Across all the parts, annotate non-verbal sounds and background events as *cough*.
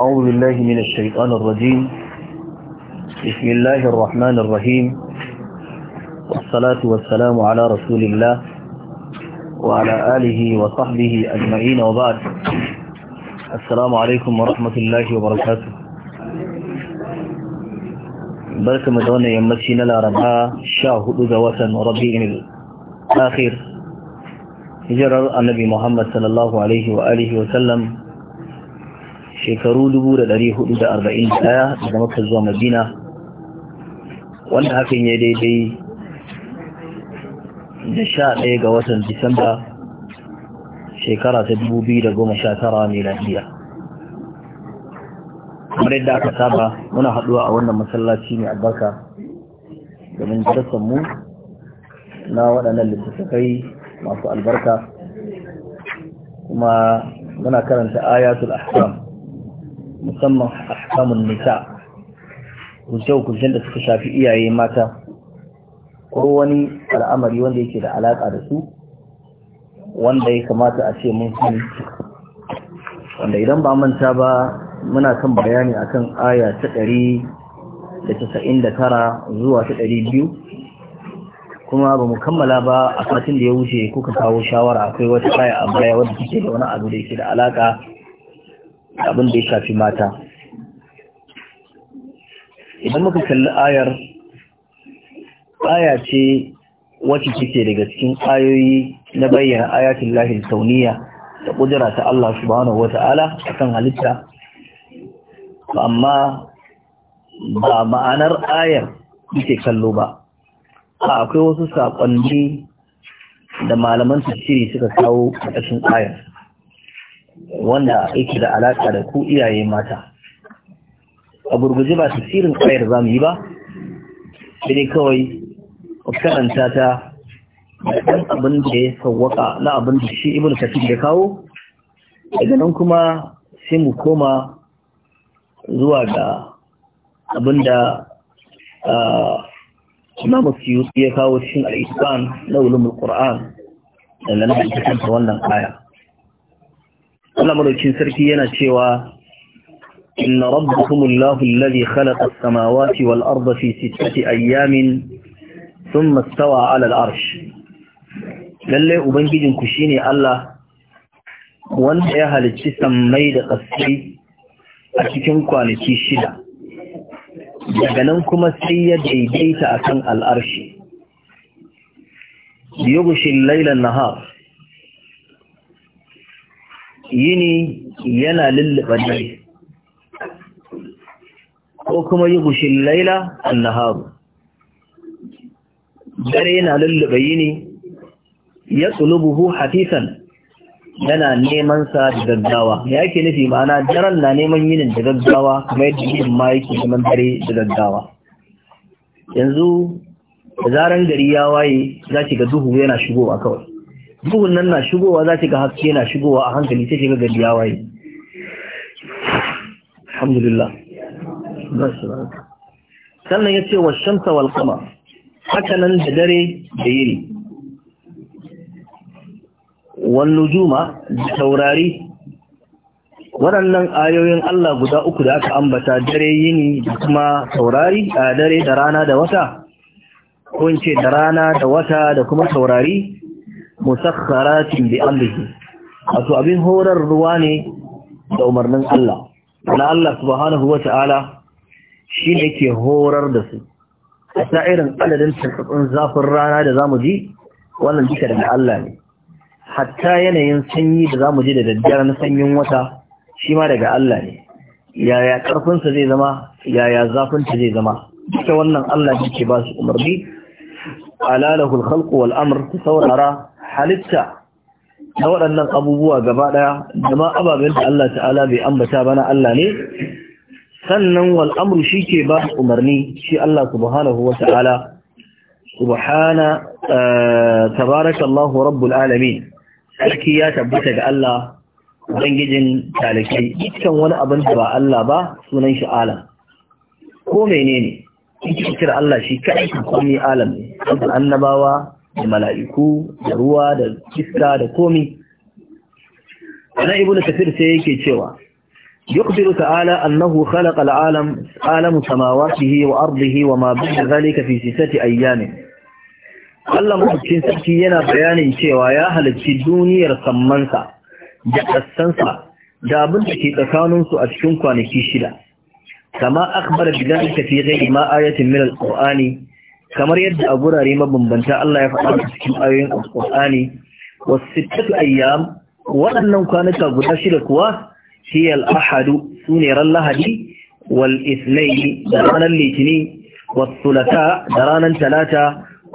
أعوذ بالله من الشيطان الرجيم بسم الله الرحمن الرحيم والصلاة والسلام على رسول الله وعلى آله وصحبه أجمعين وبعد السلام عليكم ورحمة الله وبركاته بركة مدونة يمتشينا لربها شاهد ذواتا ربيع الآخر hijirar annabi محمد صلى الله عليه وآله وسلم shekaru 1441 da maka zuwa madina wanda hakan ya daidai da sha ɗaya ga watan disamba shekara ta 2019 miladiya kamar yadda aka saba muna haɗuwa a wannan masallaci mai albarka domin mu na waɗannan littattafai masu albarka kuma muna karanta ayatul ahkam musamman ahkamun nisa gujje-gujjen da suka shafi iyaye mata ko wani al'amari wanda yake da alaƙa da su wanda ya kamata a ce mun sani wanda idan ba manta ba muna kan bayani akan aya ta ɗari da casa'in da tara zuwa ta ɗari biyu kuma ba mu kammala ba a satin da ya wuce kuka kawo shawara akwai wata aya a baya wadda take da wani abu da yake da alaƙa abin da ya shafi mata idan muka kalli ayar aya ce wacce take daga cikin ayoyi na bayyana ayatul lahi tauniya da kudura ta Allah subhanahu wata'ala akan halitta amma ba ma'anar ayar yake kallo ba a akwai wasu sakonni da malaman tafsiri suka kawo a cikin ayar wanda yake da alaƙa da ku iyaye mata a gurguje ba tasirin ƙwayar za mu yi ba sai kawai karanta ta ɗan abin da ya sauwaka na abin da shi ibn kafir ya kawo daga nan kuma sai mu koma zuwa ga abin da imamu ya kawo cikin al'isan na ulumul qur'an da ta kanta wannan ƙaya. Allah madaukin sarki yana cewa inna rabbakum Allahu alladhi khalaqa as-samawati wal arda fi sittati ayyamin thumma istawa 'ala al-'arsh lalle ubangijin ku shine Allah wanda ya halicci sammai da ƙasai a cikin kwanaki shida daga nan kuma sai ya daidaita akan al'arshi yughshi lailan layla nahar yini yana lulluɓa dare ko kuma yi gushin laila annaharu dare yana lulluɓa yini ya tsulubuhu hafisan yana neman sa da gaggawa ya ke nufi ma'ana daren na neman yinin da gaggawa kuma yadda yin ma yake neman dare da gaggawa yanzu da zaren gari ya waye za ki ga duhu yana shigowa kawai duhun nan na shigowa za ta ga haske na shigowa a hankali sai ki ga gari ya waye alhamdulillah sannan ya ce wa shamsa wal qamar haka nan da dare da yiri wal nujuma da taurari waɗannan ayoyin Allah guda uku da aka ambata dare yini da kuma taurari a dare da rana da wata ko in ce da rana da wata da kuma taurari musakharatin bi amrihi wato abin horar ruwa ne da umarnin Allah na Allah subhanahu wa ta'ala shi ne ke horar da su a irin adadin tarkatsun zafin rana da zamu ji wannan duka daga Allah ne hatta yanayin sanyi da zamu ji da daddare na sanyin wata shi ma daga Allah ne yaya ƙarfinsa zai zama yaya zafinta zai zama duka wannan Allah ne ke ba su umarni alalahul khalqu wal amr saurara halitta na waɗannan abubuwa gaba ɗaya da ma ababen da Allah ta'ala bai ambata bana Allah ne sannan wal'amru shi ke ba umarni shi Allah subhanahu wa ta'ala subhana eh, tabarakallahu rabbul alamin sarki ya tabbata ga Allah bangijin talakai dukkan wani abin da ba Allah ba sunan shi alam ko menene kike kira Allah shi kai kuma alam ne annabawa da mala'iku da ruwa da iska da komi ana ibnu kafir sai yake cewa يخبر تعالى أنه خلق العالم عالم سماواته وأرضه وما بين ذلك في ستة أيام Allah mahaifin sarki yana bayanin cewa ya halarci duniyar sammansa da ƙassansa da abin da ke tsakaninsu a cikin kwanaki shida. Kama akbar bidan ka zai ma ayatin Al-Qur'ani. kamar yadda a gurare mabambanta Allah ya faɗa cikin ayoyin alƙur'ani wasittatu sittatu ayyam waɗannan kwanuka guda shida kuwa shi al-ahadu sune ran lahadi wal isnaini da ranar litini wal sulata da ranar talata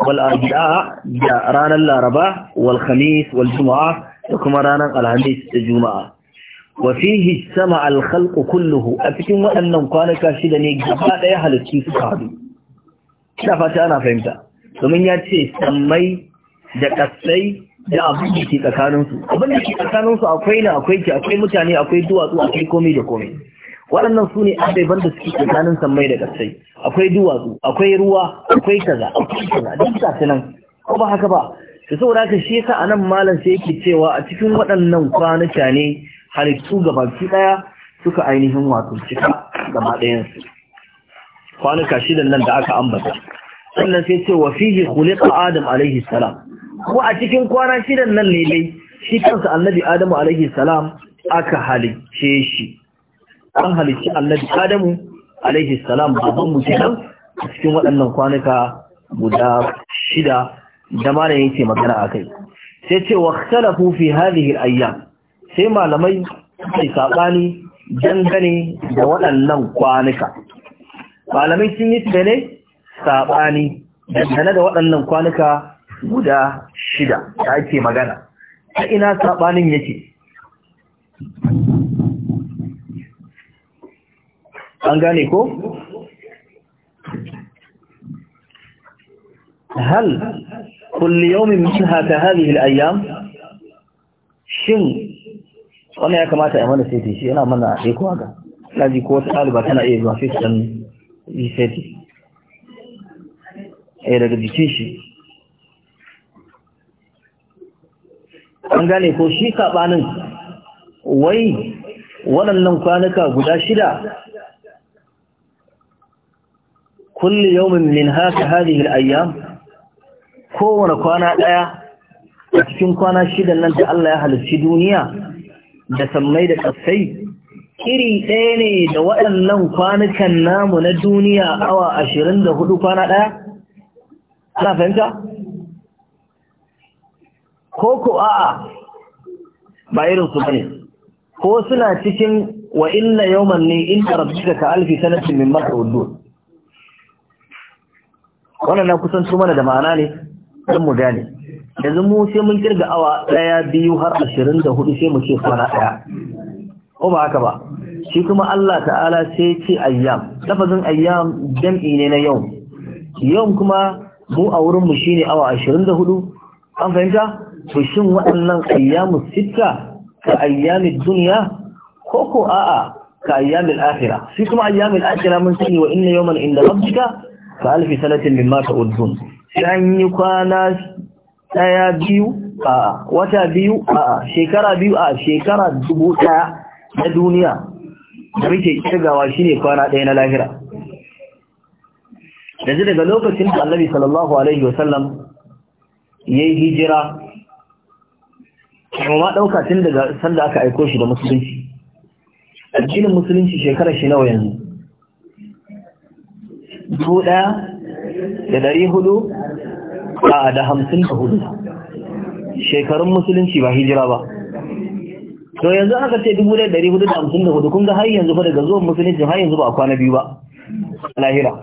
wal arbi'a da ranar laraba wal khamis wal juma'a da kuma ranar alhamis da juma'a wa fihi sama al-khalq kulluhu a cikin waɗannan kwanuka shida ne gaba ɗaya halittu suka hadu ina fata ana fahimta domin ya ce sammai da kasai da abin da ke tsakaninsu abin da ke tsakaninsu akwai na akwai ki akwai mutane akwai duwatsu akwai komai da komai waɗannan su ne abubuwan da suke tsakanin sammai da kasai akwai duwatsu akwai ruwa akwai kaza akwai kaza duk ga su nan ko ba haka ba da saboda haka shi yasa anan malam sai yake cewa a cikin waɗannan kwanuka ne halittu gabaki ɗaya suka ainihin wato cika gaba ɗayansu kwanuka shidan nan da aka ambata sannan sai ce wa fihi khuliqa adam alaihi salam ko a cikin kwana shidan nan ne dai shi kansa annabi adamu alaihi salam aka halicce shi an halicci annabi adamu alaihi salam babban mu kenan a cikin waɗannan kwanuka guda shida da ma yake magana a kai, sai ce wa ikhtalafu fi hadhihi al-ayyam sai malamai sai sabani dangane da waɗannan kwanuka malamai sun yi ne saɓani dangane da waɗannan kwanuka guda shida da ake magana ta ina saɓanin yake an gane ko? hal kulli yaumin minha haka hadhihi al-ayyam shin wannan ya kamata a mana sai shi yana mana dai ko haka kaji ko wata ɗaliba tana iya zuwa sai yi eh, daga jikin shi an gane ko shi saɓanin wai waɗannan kwanuka guda shida kulle yawmin min haka hali al kowane kwana ɗaya a cikin kwana shidan nan da Allah ya halarci duniya da sammai da ƙasai iri ɗaya ne da waɗannan kwanukan namu na duniya awa ashirin da hudu kwana ɗaya? Ana fahimta? Ko ko a'a ba irinsu ba ne, ko suna cikin wa inna yawman ne in rabbika ka alfi sanatin min maka wudu. Wannan na kusan su mana da ma'ana ne, don mu gane. Yanzu mu sai mun kirga awa ɗaya biyu har ashirin da hudu sai mu ce kwana ɗaya. ko ba haka ba shi kuma Allah ta'ala sai ce ayyam lafazin ayyam jam'i ne na yau yau kuma mu a wurin mu shine awa 24 an fahimta to shin waɗannan ayyamu sitta ka ayyamid dunya ko ko a'a ka ayyamil akhirah shi kuma ayyamil akhirah mun sani wa inna yawman inda rabbika ka alfi sanatin mimma ta'udun sai an yi kwana daya biyu a wata biyu a shekara biyu a shekara dubu daya na duniya da muke kirgawa shine kwana ɗaya na lahira yanzu daga lokacin da annabi sallallahu alaihi wasallam ya yi hijira kuma ɗauka tun daga sanda aka aiko shi da musulunci addinin musulunci shekarar shi nawa yanzu dubu ɗaya da ɗari hudu a da hamsin da hudu shekarun musulunci ba hijira ba to yanzu aka ce dubu ɗaya ɗari hudu da hamsin da hudu kun ga har yanzu fa daga zuwan musulunci har yanzu ba a kwana biyu ba a lahira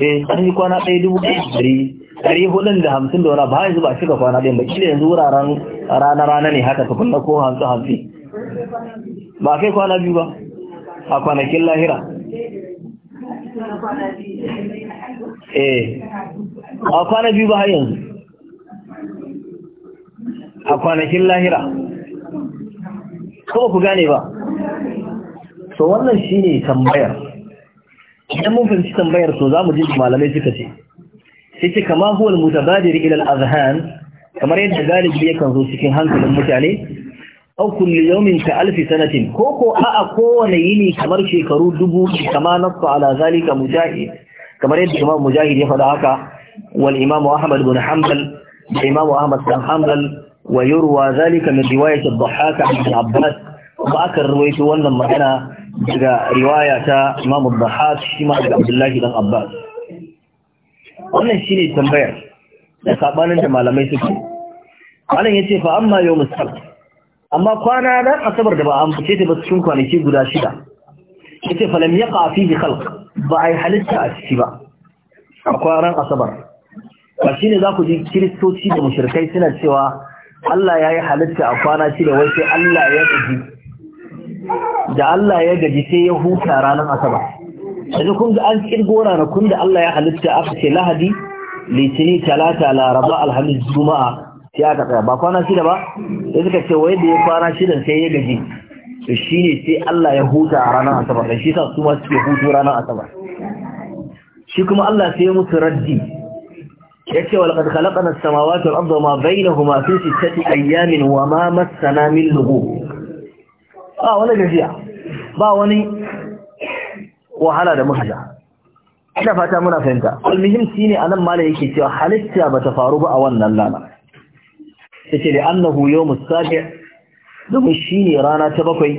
eh an yi kwana ɗaya dubu ɗaya ɗari ɗari hudu da hamsin da wani ba yanzu ba a shiga kwana ɗaya ba kila yanzu wuraren rana-rana ne haka ta kunna ko hamsin hamsin ba a kai kwana biyu ba a kwanakin lahira eh a kwana biyu ba har yanzu a kwanakin lahira kawai ku gane ba so wannan shine tambayar idan mun fahimci tambayar so mu ji malamai suka ce sai ce kama huwa al-mutabadir ila al-azhan kamar yadda galibi kan zo cikin hankalin mutane au kulli yawmin ka alfi sanatin ko ko a'a kowane yini kamar shekaru dubu kama nasu ala zalika mujahid kamar yadda imam mujahid ya faɗa haka wal imam ahmad ibn hanbal da imam ahmad ibn hanbal ويروى ذلك من رواية الضحاك عن ابن عباس وأكر رويت وانا مكانا دقى رواية إمام الضحاك شما عبد الله بن عباس wannan shi ne tambayar da sabanin malamai suke malam ya ce fa amma yau musal amma kwana ran asabar da ba an fice ta ba cikin kwanaki guda shida ya ce falam ya ƙafi ji khalq ba a yi halitta a ciki ba a kwanan asabar ba shi ne za ku ji kiristoci da mushrikai suna cewa Allah ya yi halitta a kwana shida wai sai Allah ya gaji da Allah ya gaji sai ya huta ranar asaba yanzu kun ga an kirgo ranakun da Allah ya halitta aka ce lahadi litini talata laraba alhamis juma'a sai aka tsaya ba kwana shida ba sai suka ce wai da ya kwana da sai ya gaji to shine sai Allah ya huta a ranar asaba da shi sa su ma suke hutu ranar asaba shi kuma Allah sai ya musu raddi yace wal qad khalaqna as-samawati wal arda ma bainahuma fi sittati ayyamin wa ma massana min lughub ba wani gajiya ba wani wahala da muka ja ina fata muna fahimta almuhim shine anan malai yake cewa halitta bata faru ba a wannan lana yace da annahu yawmus sabi domin shine rana ta bakwai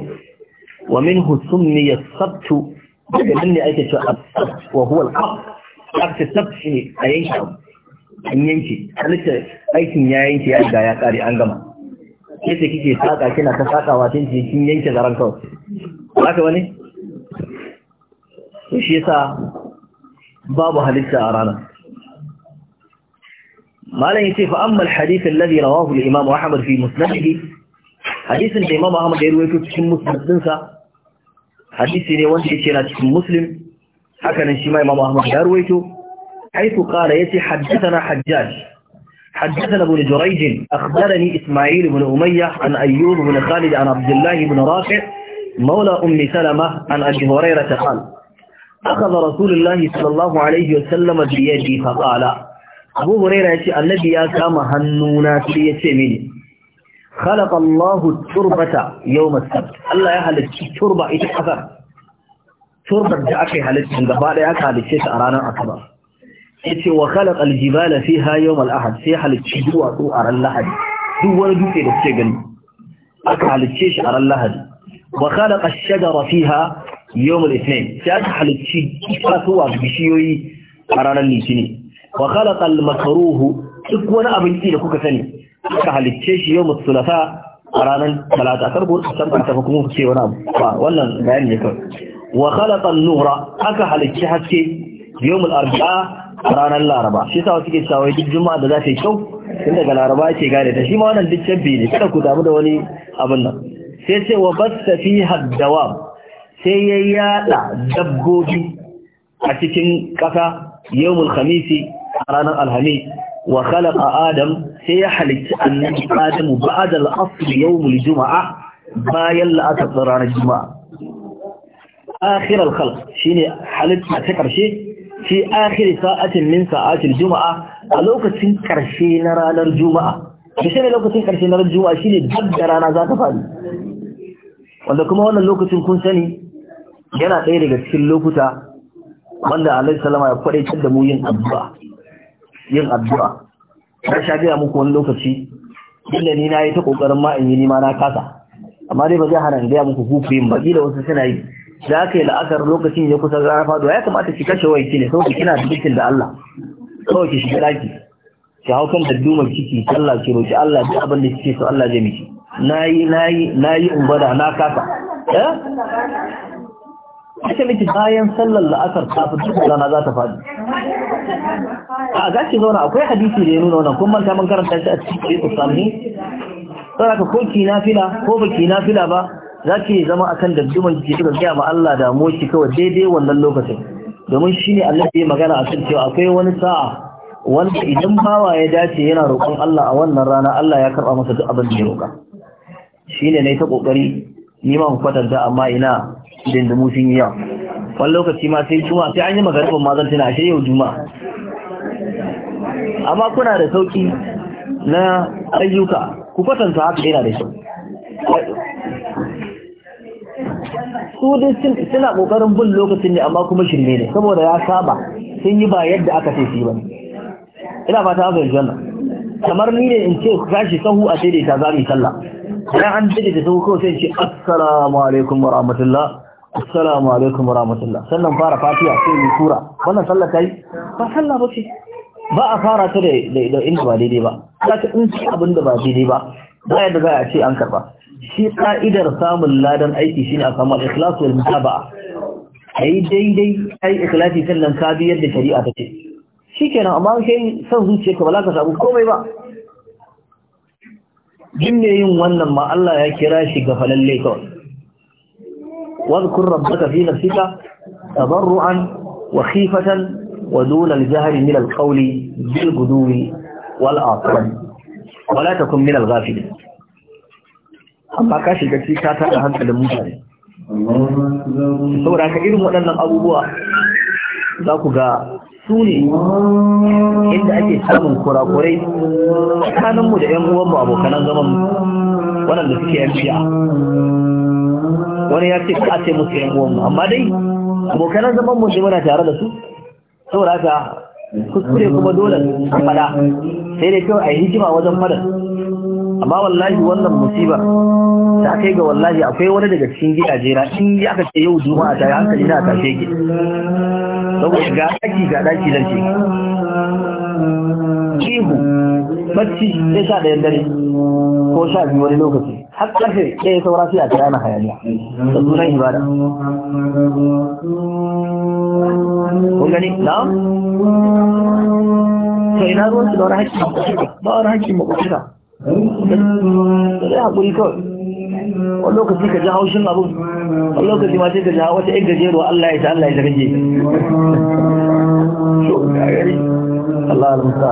wa minhu summiya as-sabt daga nan ne ake cewa as-sabt wa huwa al-haq as-sabt shine ayyan an yanke halitta aikin ya yanke ya ga ya kare an gama sai da kike saka kina ta wa tin ji kin yanke zaran kawai haka wani to shi yasa babu halitta a rana malam yace fa amma al-hadith alladhi rawahu al-imam Ahmad fi musnadih hadisin da imam Ahmad ya rawaito cikin musnadin sa hadisi ne wanda yake na cikin muslim haka nan shi ma imam Ahmad ya rawaito حيث قال يتي حدثنا حجاج حدثنا ابن جريج أخبرني إسماعيل بن أمية عن أيوب بن خالد عن عبد الله بن رافع مولى أم سلمة عن أبي هريرة قال أخذ رسول الله صلى الله عليه وسلم بيدي فقال أبو هريرة يتي النبي يا كام هنونا سيتي مني خلق الله التربة يوم السبت الله يا هل التربة إتحفر تربة جاء في هل التربة بعد يا هل التربة أرانا أكبر yace wa khalaqa al-jibala fiha yawm al-ahad sai halicci duwatsu a ran lahadi duk wani dutse da kuke gani aka halicce shi aran lahadi wa khalaqa ash-shajara fiha yawm al-ithnain sai aka halicci itatuwa bishiyoyi a ranar litini wa khalaqa al-makruh duk wani abinci da kuka sani aka halicce shi yawm al-thulatha a ranar talata karbo san ka tafi kuma kuke wani abu ba wannan bayani ne kawai wa khalaqa an-nuhra aka halicci haske yawm al-arba'a ranar laraba shi sa suke cewa duk juma'a da za ta yi kyau tun daga laraba ke gane ta shi ma wannan duk cabbi ne kada ku damu da wani abin nan sai ce wa basta fi haddawa sai ya yada dabbobi a cikin ƙasa yawmul khamisi a ranar alhamis wa khalaqa adam sai ya halitta annabi adam ba'da al-asr yawmul juma'a bayan la'asar ranar juma'a akhirar khalq shine halitta ta karshe fi akhir sa'atin min sa'atil juma'a a lokacin karshe na ranar juma'a shi ne lokacin karshe na ranar juma'a shine duk da rana za ta fadi wanda kuma wannan lokacin kun sani yana ɗaya daga cikin lokuta wanda alaihi salama ya kwadaitar da mu yin addu'a yin addu'a sha muku wani lokaci inda ni na yi ta kokarin ma in yi nima na kasa amma dai ba zai hana in gaya muku ku yin baki da wasu suna yi da aka yi la'akar lokacin ya kusa rana faduwa ya kamata ki kashe wai ki ne saboda kina da bikin da Allah kawai ki shiga daki ki hau kan daddumar ciki sallah ki roki Allah duk abin da kike so Allah zai miki nayi nayi nayi umbada na kasa eh ita miki bayan sallar la'asar kafin duk rana za ta fadi a ga ki zauna akwai hadisi da ya nuna wannan kun manta mun karanta shi a cikin Sahih Bukhari ka ko ki nafila ko baki nafila ba za ki zama akan dabdiman ki kika gaya ma Allah da ki kawai daidai wannan lokacin domin shi ne Allah ya yi magana akan cewa akwai wani sa'a wanda idan bawa ya dace yana roƙon Allah a wannan rana Allah ya karɓa masa duk abin da ya roƙa Shi ne na yi ta ƙoƙari, ni ma mu da amma ina dindimu sun yi yau wani lokaci ma sai juma'a sai an yi magaribin ma zan tuna ashe yau juma'a amma kuna da sauki na ayyuka ku kwatanta haka yana da sauki su dai suna kokarin bin lokacin ne amma kuma shirme ne saboda ya saba sun yi ba yadda aka ce shi bane ina fata aka yanzu janna kamar ni ne in ce ku tashi sahu a sai za mu yi sallah idan an da sahu kawai sai in ce assalamu alaikum wa rahmatullah assalamu alaikum wa rahmatullah sannan fara fatiha sai mu tura wannan sallah ta yi ba sallah ba ce ba a fara ta da inda ba daidai ba za ka in ci abin da ba daidai ba ba yadda za a ce an karba shi ka'idar samun ladan aiki shine a samu ikhlas wal mutaba'a ai daidai ai ikhlasi sannan ka bi yadda shari'a ta ce shikenan amma kai san zuciyarka ba za ka samu komai ba jin ne yin wannan ma Allah ya kira shi ga falalle kawai واذكر ربك في نفسك تضرعا وخيفة ودون الجهر من القول بالغدو والآصال wala ta min al ghafil amma ka shiga ci ka tada hankalin mutane saboda ka irin waɗannan abubuwa za ku ga su ne inda ake samun kurakurai tsakaninmu da 'yan uwanmu abokanan zaman waɗanda suke yan biya wani ya ce ka ce musu 'yan uwanmu amma dai abokanan zaman mu muna tare da su saboda haka kuskure kuma dole a fada sai dai kawai a yi hikima wajen madar amma wallahi wannan musiba ta kai ga wallahi akwai wani daga cikin gidaje na in ya aka ce yau juma'a ta yi hankali na tafe ki saboda ga daki ga daki zan ce ihu bacci sai sha ɗayan dare ko sha biyu wani lokaci har ƙarfe ke saura sai a kira na hayaniya da sunan ibada kun gani na to ina ruwan su da wani hakki ba wani hakki makwabcika da zai haƙuri kawai wani lokaci ka ji haushin abin wani lokaci ma sai ka ji wata yan gajeruwa Allah ya ta Allah ya *laughs* ta gaje Allah al-musta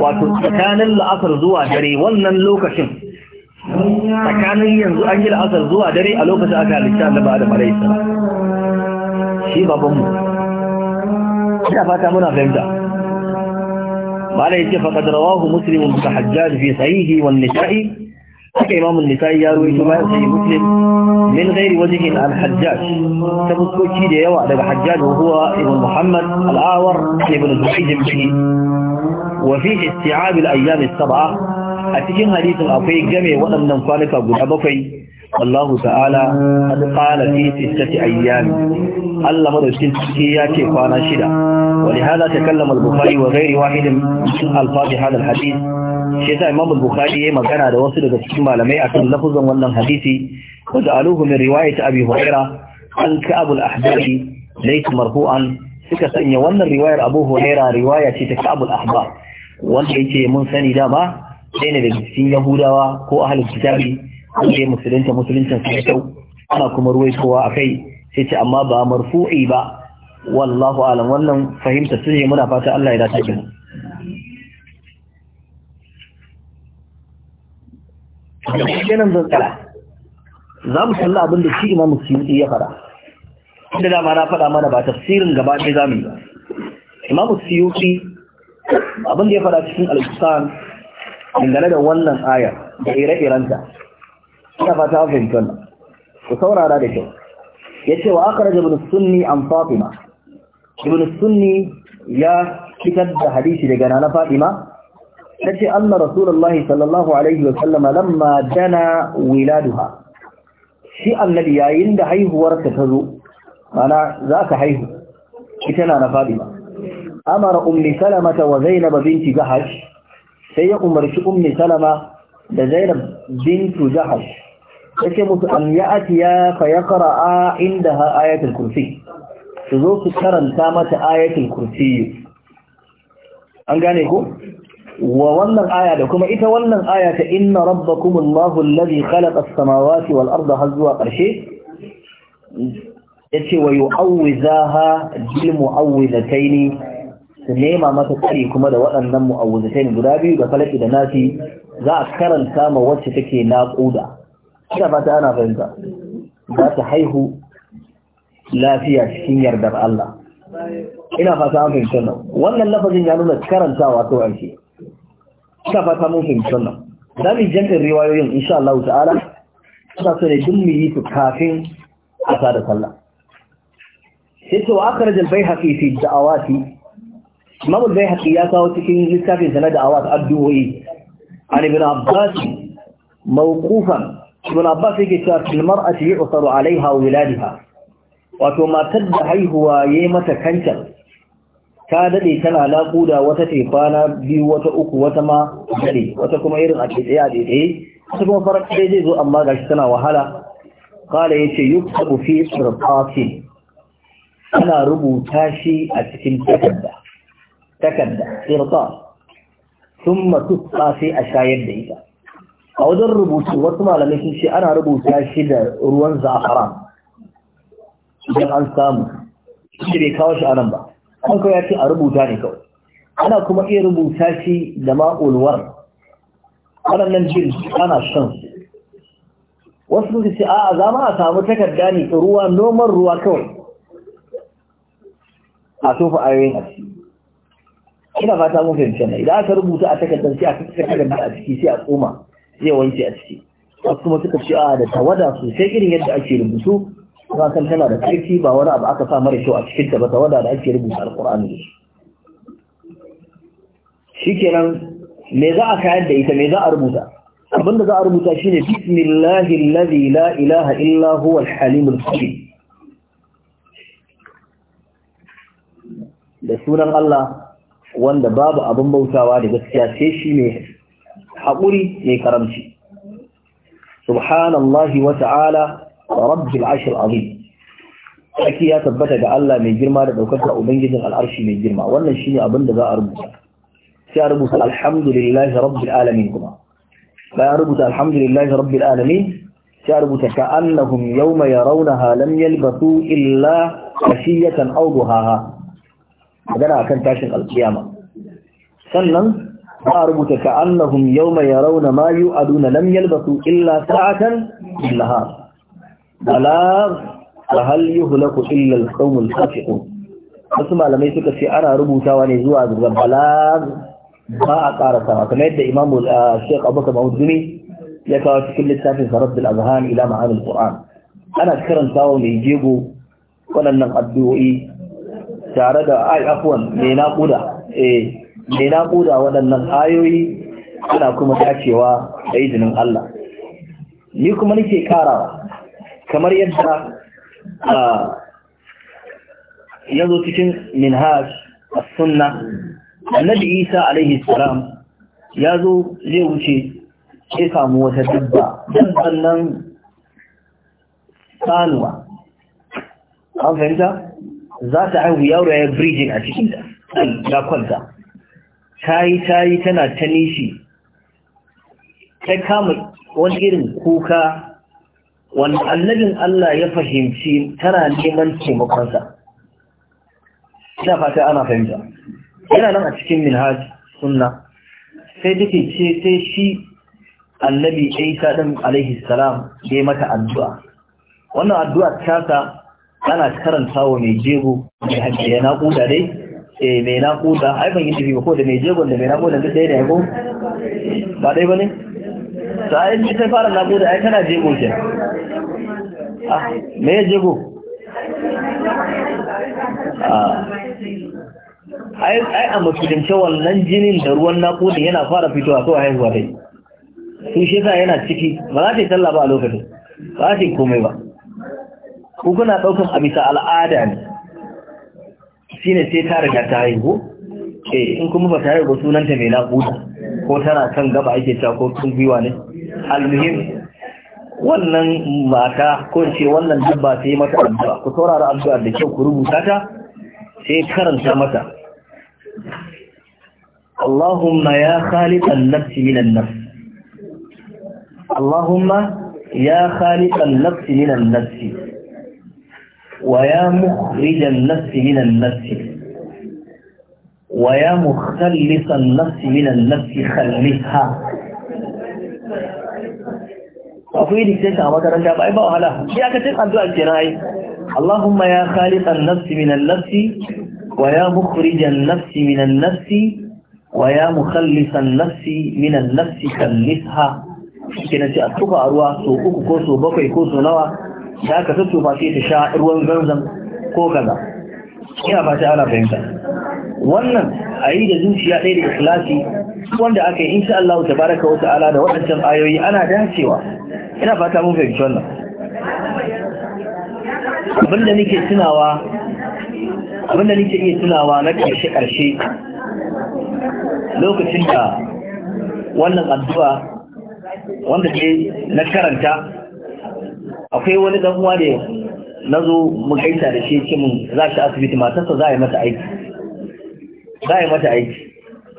wato tsakanin la'asar zuwa dare wannan lokacin tsakanin yanzu an yi la'asar zuwa dare a lokacin aka halitta ba da maraisa shi babanmu ina fata muna fahimta bala yace faqad rawahu muslim bi tahajjaj fi sahihi wan nisa'i haka imam an-nisa'i ya rawaito bayan sahih muslim min ghairi wajhin al-hajjaj ta fuskoki da yawa daga hajjaj huwa ibn muhammad al-awar ibn zuhayd bin wafi fi isti'abil ayyam saba a cikin hadisin akwai game waɗannan kwanuka guda bakwai Allah ta'ala qad qala fi sittati ayyam Allah madaukakin ciki ya kwana shida wa lihada takallama al-bukhari wa ghairi wahidin min alfaz hada al-hadith shi yasa Imam al-Bukhari ya magana da wasu daga cikin malamai akan lafuzan wannan hadisi wa ja'aluhu min riwayat Abi Hurairah an Ka'ab al-Ahbari laysa marfu'an suka sanya wannan riwayar Abu Hurairah riwaya ce ta Ka'ab al wanda yake mun sani dama ɗaya ne daga cikin yahudawa ko ahalin kitabi wanda ya musulunta musulunta su kyau ana kuma kowa a kai sai ce amma ba marfu'i ba wallahu alam wannan fahimta su ne muna fata Allah ya dace ki mu kenan zan tsara za mu kalla abin da shi imamu suyuti ya fara inda dama na faɗa mana ba tafsirin gaba ɗaya za mu yi ba imamu suyuti abin da ya fara cikin al-Qur'an dangane da wannan aya da ire-irenta ina fata fahimta ku saurara da kyau yace wa akhraj ibn sunni an fatima ibn sunni ya fitar da hadisi daga nana fatima tace anna rasulullahi sallallahu alaihi wa sallama lamma dana wiladuha shi annabi yayin da haihuwarsa ta zo mana za ka haihu ita na na fatima amara ummi salama ta wa zainab binti jahash sai ya umarci ummi salama da zainab bintu jahash yake musu an ya'ati ya fa yaqra'a indaha ayatul kursi su zo su karanta mata ayatul kursi an gane ku. wa wannan aya da kuma ita wannan aya ta inna rabbakumullahu alladhi khalaqa as-samawati wal arda har zuwa ƙarshe yace wa yu'awwizaha bil mu'awwizataini su nema masa tsari kuma da waɗannan mu'awuzatain guda biyu da falaki da nasi za a karanta ma wacce take naƙuda ina fata ana fahimta za ta haihu lafiya cikin yardar Allah ina fata an fahimta nan wannan lafazin ya nuna karantawa to ake ina fata mun fahimta nan za mu jantar riwayoyin insha Allah ta'ala suna sai dun mu yi su kafin a da sallah sai to akhrajal al-bayhaqi fi da'awati Imam zai baihaqi ya kawo cikin littafin sana da awat addu'o'i an ibn Abbas mawqufan ibn Abbas yake cewa fil mar'ati yu'saru 'alayha wiladaha wato matar da haihuwa yayi mata kancan ta dade tana laƙuda wata tefana biyu wata uku wata ma dade wata kuma irin a ke tsaye a daidai wata kuma farar zai zo amma gashi tana wahala kala yace yuktabu fi sirfatin ana rubuta shi a cikin takarda takarda irta sun masu sai a shayar da ita a wajen rubutu wasu malamai sun ce ana rubuta shi da ruwan za'afaran idan an samu shi bai kawo shi a nan ba an kawai ya ce a rubuta ne kawai ana kuma iya rubuta shi da ma'ulwar waɗannan jin ana shan su wasu sun ce a'a za ma a samu takarda ne ruwa noman ruwa kawai a tofa ayoyin a ciki ina ba ta fahimci nan idan aka rubuta a takardar sai aka saka takardar a ciki sai a tsoma zai wanke a ciki a kuma suka ce a da tawada sosai irin yadda ake rubutu kuma san tana da karfi ba wani abu aka sa mara kyau a cikin ta ba tawada da ake rubuta alkur'ani da shi shikenan me za a kayar da ita me za a rubuta da za a rubuta shine bismillahi lalli la ilaha illa huwa da sunan Allah wanda babu abin bautawa da gaskiya sai shi ne haƙuri mai karamci subhanallahi wa ta'ala rabbil ashir azim sarki ya tabbata ga Allah mai girma da ɗaukaka ubangijin al'arshi mai girma wannan shine abin da za a rubuta sai a rubuta alhamdulillahi rabbil alamin kuma bayan rubuta alhamdulillahi rabbil alamin sai a rubuta ka'annahum yawma yarawnaha lam yalbathu illa ashiyatan aw duhaha magana akan tashin alkiyama sannan za a rubuta ka annahum yawma mayu a yu'aduna lam yalbasu illa sa'atan illa ha balagh wa hal yuhlaku illa al-qawmul fasiqun wasu malamai suka ce ana rubutawa ne zuwa ga balagh ba a ƙara sama kamar yadda imamu ah, Sheikh Abubakar Mahmud ya kawo cikin littafin Sarab al-Azhan ila ma'anil Qur'an ana karantawa mai jego waɗannan addu'o'i tare da ai afwan mai naƙuda eh mai naƙuda waɗannan ayoyi suna kuma dacewa da izinin Allah ni kuma nake karawa kamar yadda ya zo cikin minhaj as-sunna annabi Isa alaihi salam ya zo zai wuce ya samu wata dabba dan sannan sanuwa an fahimta za ta haihu yaro ya birgin a cikin da ya kwanta ta yi ta yi tana ta nishi ta kama wani irin kuka wani annabin Allah ya fahimci tana neman taimakonsa ina fata ana fahimta yana nan a cikin minhaj sunna sai duke ce sai shi annabi isa ɗin alaihi salam ya mata addu'a wannan addu'a ta ana karanta wa mai jego mai hajji ya naƙuda dai eh mai naƙuda ƙuda. ban yi tafi ko da mai jego da mai naƙuda duk da ne ko ba dai ba ne ta yi in ta fara naƙuda ya tana jego ke a ah, me ya jego A ah. ai a musulunce wannan jinin da ruwan naƙuda yana fara fitowa kawai haihuwa dai sun shi yana ciki ba za ta yi talla ba a lokacin ba za ta yi komai ba ko kuna ɗaukan a bisa al'ada ne shi ne sai ta riga ta haihu eh in kuma ba ta haihu sunanta mai naƙuda ko tana kan gaba ake ta ko tun biwa ne almuhim wannan mata ko ce wannan dabba sai mata addu'a ku saurara addu'a da kyau ku rubuta ta sai karanta mata Allahumma ya خالق النفس minan النفس اللهم يا خالق النفس من النفس ويا مخرج النفس من النفس ويا مخلص النفس من النفس خلصها akwai a makaranta ba ai ba wahala shi aka cin addu'a kenan ai Allahumma ya khaliqan nafsi min an-nafsi wa ya mukhrijan nafsi min an-nafsi wa ya mukhallisan nafsi min an-nafsi khallitha kina a a ruwa so uku ko so bakwai ko nawa da aka tattofa sai ta sha ruwan zanzan ko kaza ina fata ana fahimta wannan a yi da zuciya ɗaya da ikhlasi wanda aka yi insha Allah ta baraka wa ta'ala da waɗancan ayoyi ana dacewa ina fata mun fahimci wannan abinda nake tunawa abinda nake iya tunawa na karshe karshe lokacin da wannan addu'a wanda ke na karanta akwai wani dan uwa ne na zo mu gaita da shi ce mun za shi asibiti matarsa za a yi mata aiki za a yi mata aiki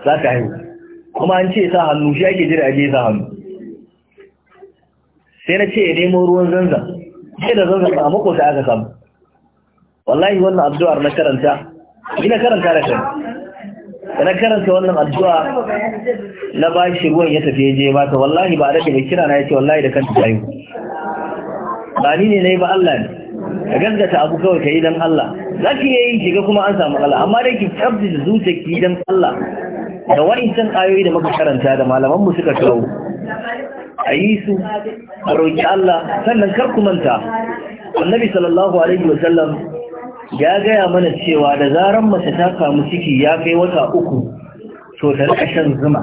za ka haihu kuma an ce sa hannu shi ake jira aje sa hannu sai na ce ya nemo ruwan zanza. sai da zanza ba a sai aka samu wallahi wannan addu'ar na karanta ina karanta da kai da na karanta wannan addu'a na bashi ruwan ya tafi ya je mata wallahi ba da ke kira na ya ce wallahi da kanta ta haihu ba ni ne na yi ba Allah ne ka gaskata abu kawai ka yi don Allah za ki iya yin shiga kuma an samu Allah amma dai ki tsabdi da zuciya ki don Allah da wa'incan ayoyi da muka karanta da malamanmu suka kawo a yi su a roƙi Allah sannan kar ku manta annabi sallallahu alaihi wa sallam ya gaya mana cewa da zaran mace ta samu ciki ya kai wata uku to ta rika shan zuma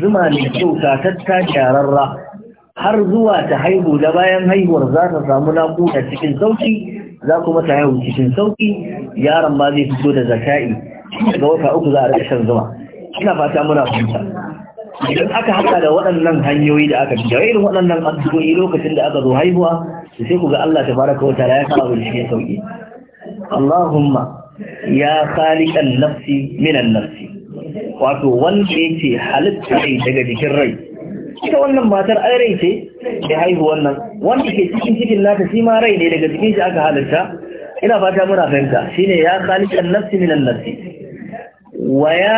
zuma mai kyau ta tatta rarra. har zuwa ta haihu da bayan haihuwar za ta samu naƙuda cikin sauki za kuma ta haihu cikin sauki yaron ma zai fito da zaka'i daga wata uku za a rika shan zuma ina fata muna fahimta idan aka haɗa da waɗannan hanyoyi da aka fita irin waɗannan addu'o'i lokacin da aka zo haihuwa sai ku ga Allah tabaraka wa ta'ala ya sa abu cikin sauki Allahumma ya khaliqan nafsi minan nafsi wato wanda yake halitta daga jikin rai ita wannan matar ai rai ce da haihu wannan wanda ke cikin cikin nata shi ma rai ne daga cikin shi aka halitta. ina fata muna fahimta shine ya khaliqan nafsi minan nafsi wa ya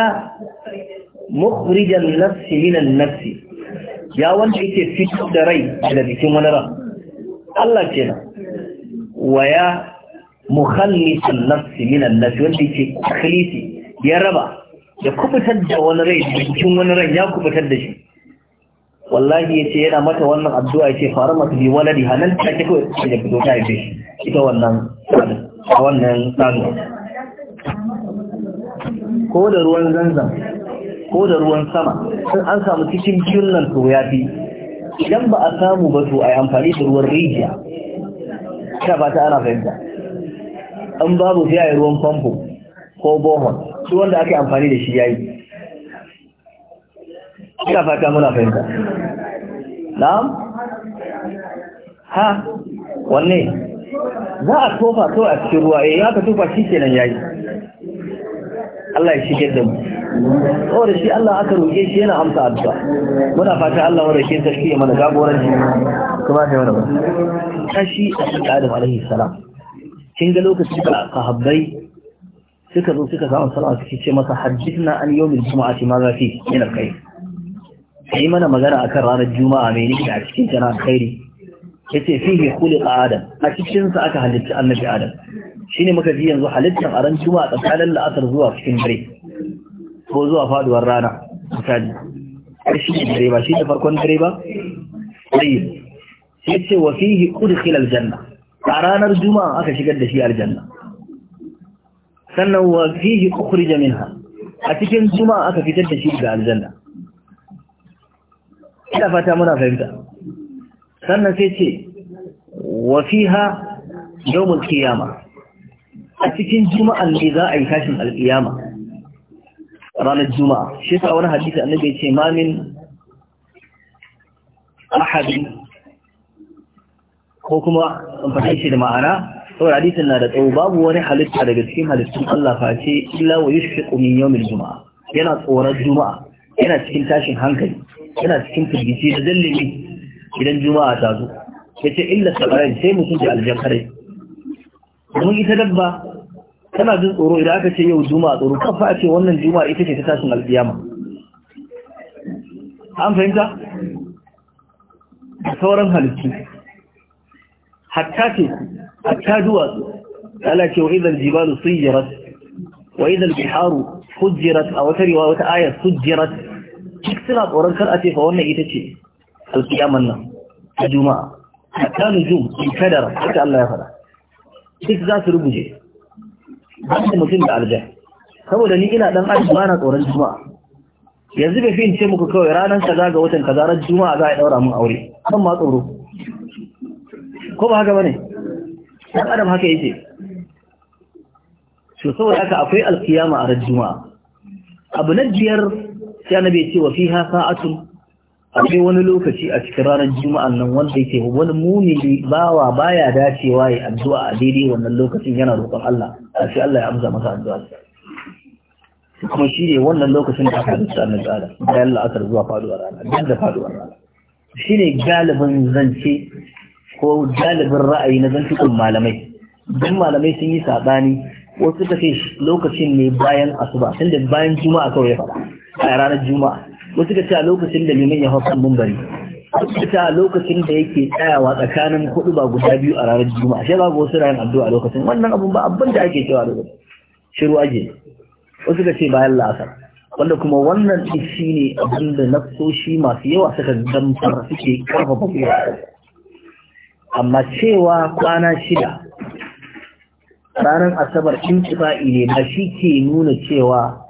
mukhrijan nafsi minan nafsi ya wanda yake fitar da rai daga cikin wani ran Allah ce na wa ya mukhallisan nafsi minan nafsi wanda yake takhlisi ya raba ya kubutar da wani rai cikin wani ran ya kubutar da shi wallahi yace yana mata wannan addu'a yace fara mata bi waladi hanan ta ke ko ta fito ta yi ita wannan wannan tsano ko da ruwan zanzan ko da ruwan sama sun an samu cikin biyun nan to ya fi idan ba a samu ba to a yi amfani da ruwan rijiya ta ba ta ana fahimta an babu sai yi ruwan famfo ko bohon, shi wanda ake amfani da shi ya yi ina fata muna fahimta na'am ha wanne za a tofa to a cikin ruwa eh aka tofa shi kenan yayi Allah ya shigar da mu saboda shi Allah aka roƙe shi yana amsa addu'a muna fata Allah wanda ke sarki ya mana jagoranci kuma ta mana kashi a cikin Adam alaihi salam kin ga lokacin da sahabbai suka zo suka samu salama suke ce masa hajjina an yawmin juma'ati ma za fi min alkhair ka yi mana magana akan ranar juma'a mai nake a cikin kairi? tana khairi yace fihi a adam a cikinsa aka halitta annabi adam shine muka ji yanzu halittar a ran juma'a tsakanin la'asar zuwa cikin dare ko zuwa faduwar rana misali har shi dare ba shi da farkon dare ba sai sai ce wa fihi udkhila janna. a ranar juma'a aka shigar da shi aljanna sannan wa fihi ukhrija minha a cikin juma'a aka fitar da shi daga aljanna ina fata muna fahimta sannan sai ce wa fiha yawmul qiyama a cikin juma'a ne za a yi tashin alqiyama ranar juma'a shi yasa wani hadisi annabi ya ce ma min ahadin ko kuma an fashe shi da ma'ana saboda hadisin na da tsawo babu wani halitta daga cikin halittun Allah face illa wa yushfiqu min yawmil juma'a yana tsoron juma'a yana cikin tashin hankali yana cikin firgici da zallimi idan juma'a ta zo ya ce illa sabarai sai mutum da aljankare domin ita dabba tana jin tsoro idan aka ce yau juma'a tsoro kafa a ce wannan juma'a ita ce ta tashin alkiyama an fahimta sauran halittu hatta ce hatta duwatsu ala ce wa idan jibalu sun jirat wa idan biharu hujjirat a wata riwa wata ayar hujjirat duk suna tsoron kar a ce fa wannan ita ce alƙiyaman nan a juma'a A hatta nujum in kadara haka Allah ya faɗa duk za su rubuje ba da mutum da alja saboda ni ina dan adam bana tsoron juma'a yanzu bai fi ce muku kawai ranar kaza ga watan kaza ran juma'a za a daura mun aure kan ma tsoro ko ba haka bane dan adam haka yake to saboda haka akwai alkiyama a ran juma'a abu na biyar sai annabi ya ce wa fiha sa'atun akwai wani lokaci a cikin ranar juma'a nan wanda yake wani mumini bawa baya dacewa ya addu'a a daidai wannan lokacin yana roƙon Allah a sai Allah ya amsa masa addu'a kuma shi ne wannan lokacin da aka rubuta na tsada bayan la'asar zuwa faduwar rana bayan da faduwar rana shi ne galibin zance ko galibin ra'ayi na zantukan malamai don malamai sun yi saɓani wasu suka ce lokacin ne bayan asuba tunda bayan juma'a kawai ya faɗa a ranar juma'a wasu ka ce a lokacin da liman ya hau kan mumbari wasu ka a lokacin da yake tsayawa tsakanin hudu ba guda biyu a ranar juma'a sai ga wasu ranar addu'a a lokacin wannan abun ba abin da ake cewa a lokacin shiru aje wasu ka ce bayan la'asar wanda kuma wannan shi ne abin da shi masu yawa suka zantar suke karfafa gwiwa amma cewa kwana shida ranar asabar in ne ba shi ke nuna cewa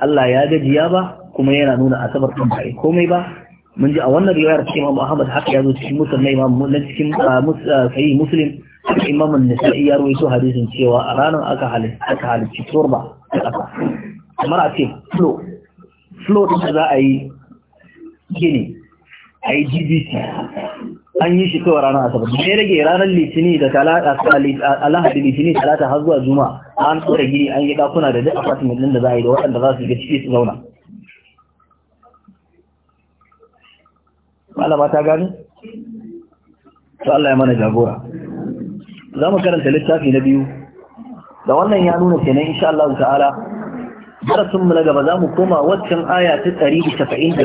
Allah ya gajiya ba kuma yana nuna asabar ɗin ba komai ba mun ji a wannan riwayar cikin Imam Ahmad haka ya zo cikin Muslim Imam na cikin ah, ah, Sahih Muslim Imam An-Nasa'i ya rawaito hadisin cewa a ranar aka halitta aka halicci turba ƙasa kamar a ce flow flow din da za a yi gini a yi GBT an yi shi kawai ranar asabar ne rage ranar litini da alahadi litini talata har zuwa juma'a an tsora gini an yi dakuna da duk apartment din da za a yi da waɗanda za su ga ciki su zauna malama ta gani to Allah ya mana jagora za mu karanta littafi na biyu da wannan ya nuna kenan insha Allah ta'ala darasin mu na gaba za mu koma waccan aya ta 179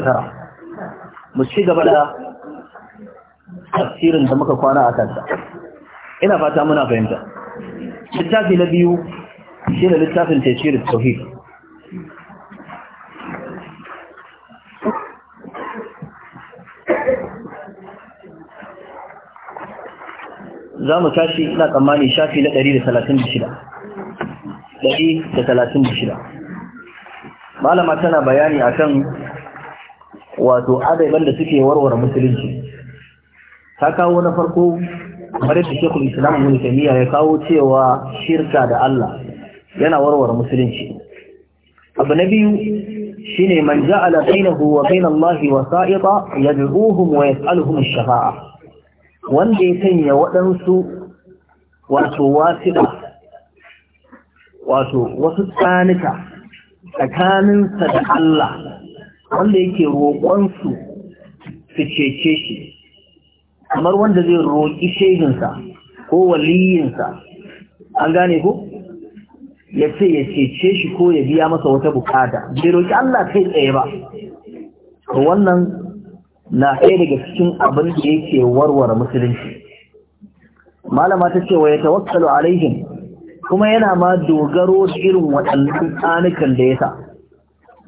mu ci gaba da tafsirin da muka kwana a kansa ina fata muna fahimta littafi na biyu shi ne littafin tafsirin tauhid za mu tashi ina tsammani shafi na 136 malama tana bayani akan wato adaiban da suke warware musulunci ta kawo na farko kamar yadda shekul islam ibn tamiya ya kawo cewa shirka da Allah yana warware musulunci abu na biyu shine man ja'ala bainahu wa bain Allah wasa'ita yad'uhum wa yas'aluhum ash-shafa'a wanda ya sanya waɗansu wato wato wasu tsanika tsakaninsa da Allah wanda yake roƙonsu su cece shi kamar wanda zai roƙi shehinsa ko waliyinsa an gane ku? ya ce ya cece shi ko ya biya masa wata bukata bai roƙi Allah kai tsaye ba to wannan na ɗaya daga cikin abin da yake warware musulunci malama ta ce wa ya tawakkalu alaihim kuma yana ma dogaro irin waɗannan tsanukan da ya sa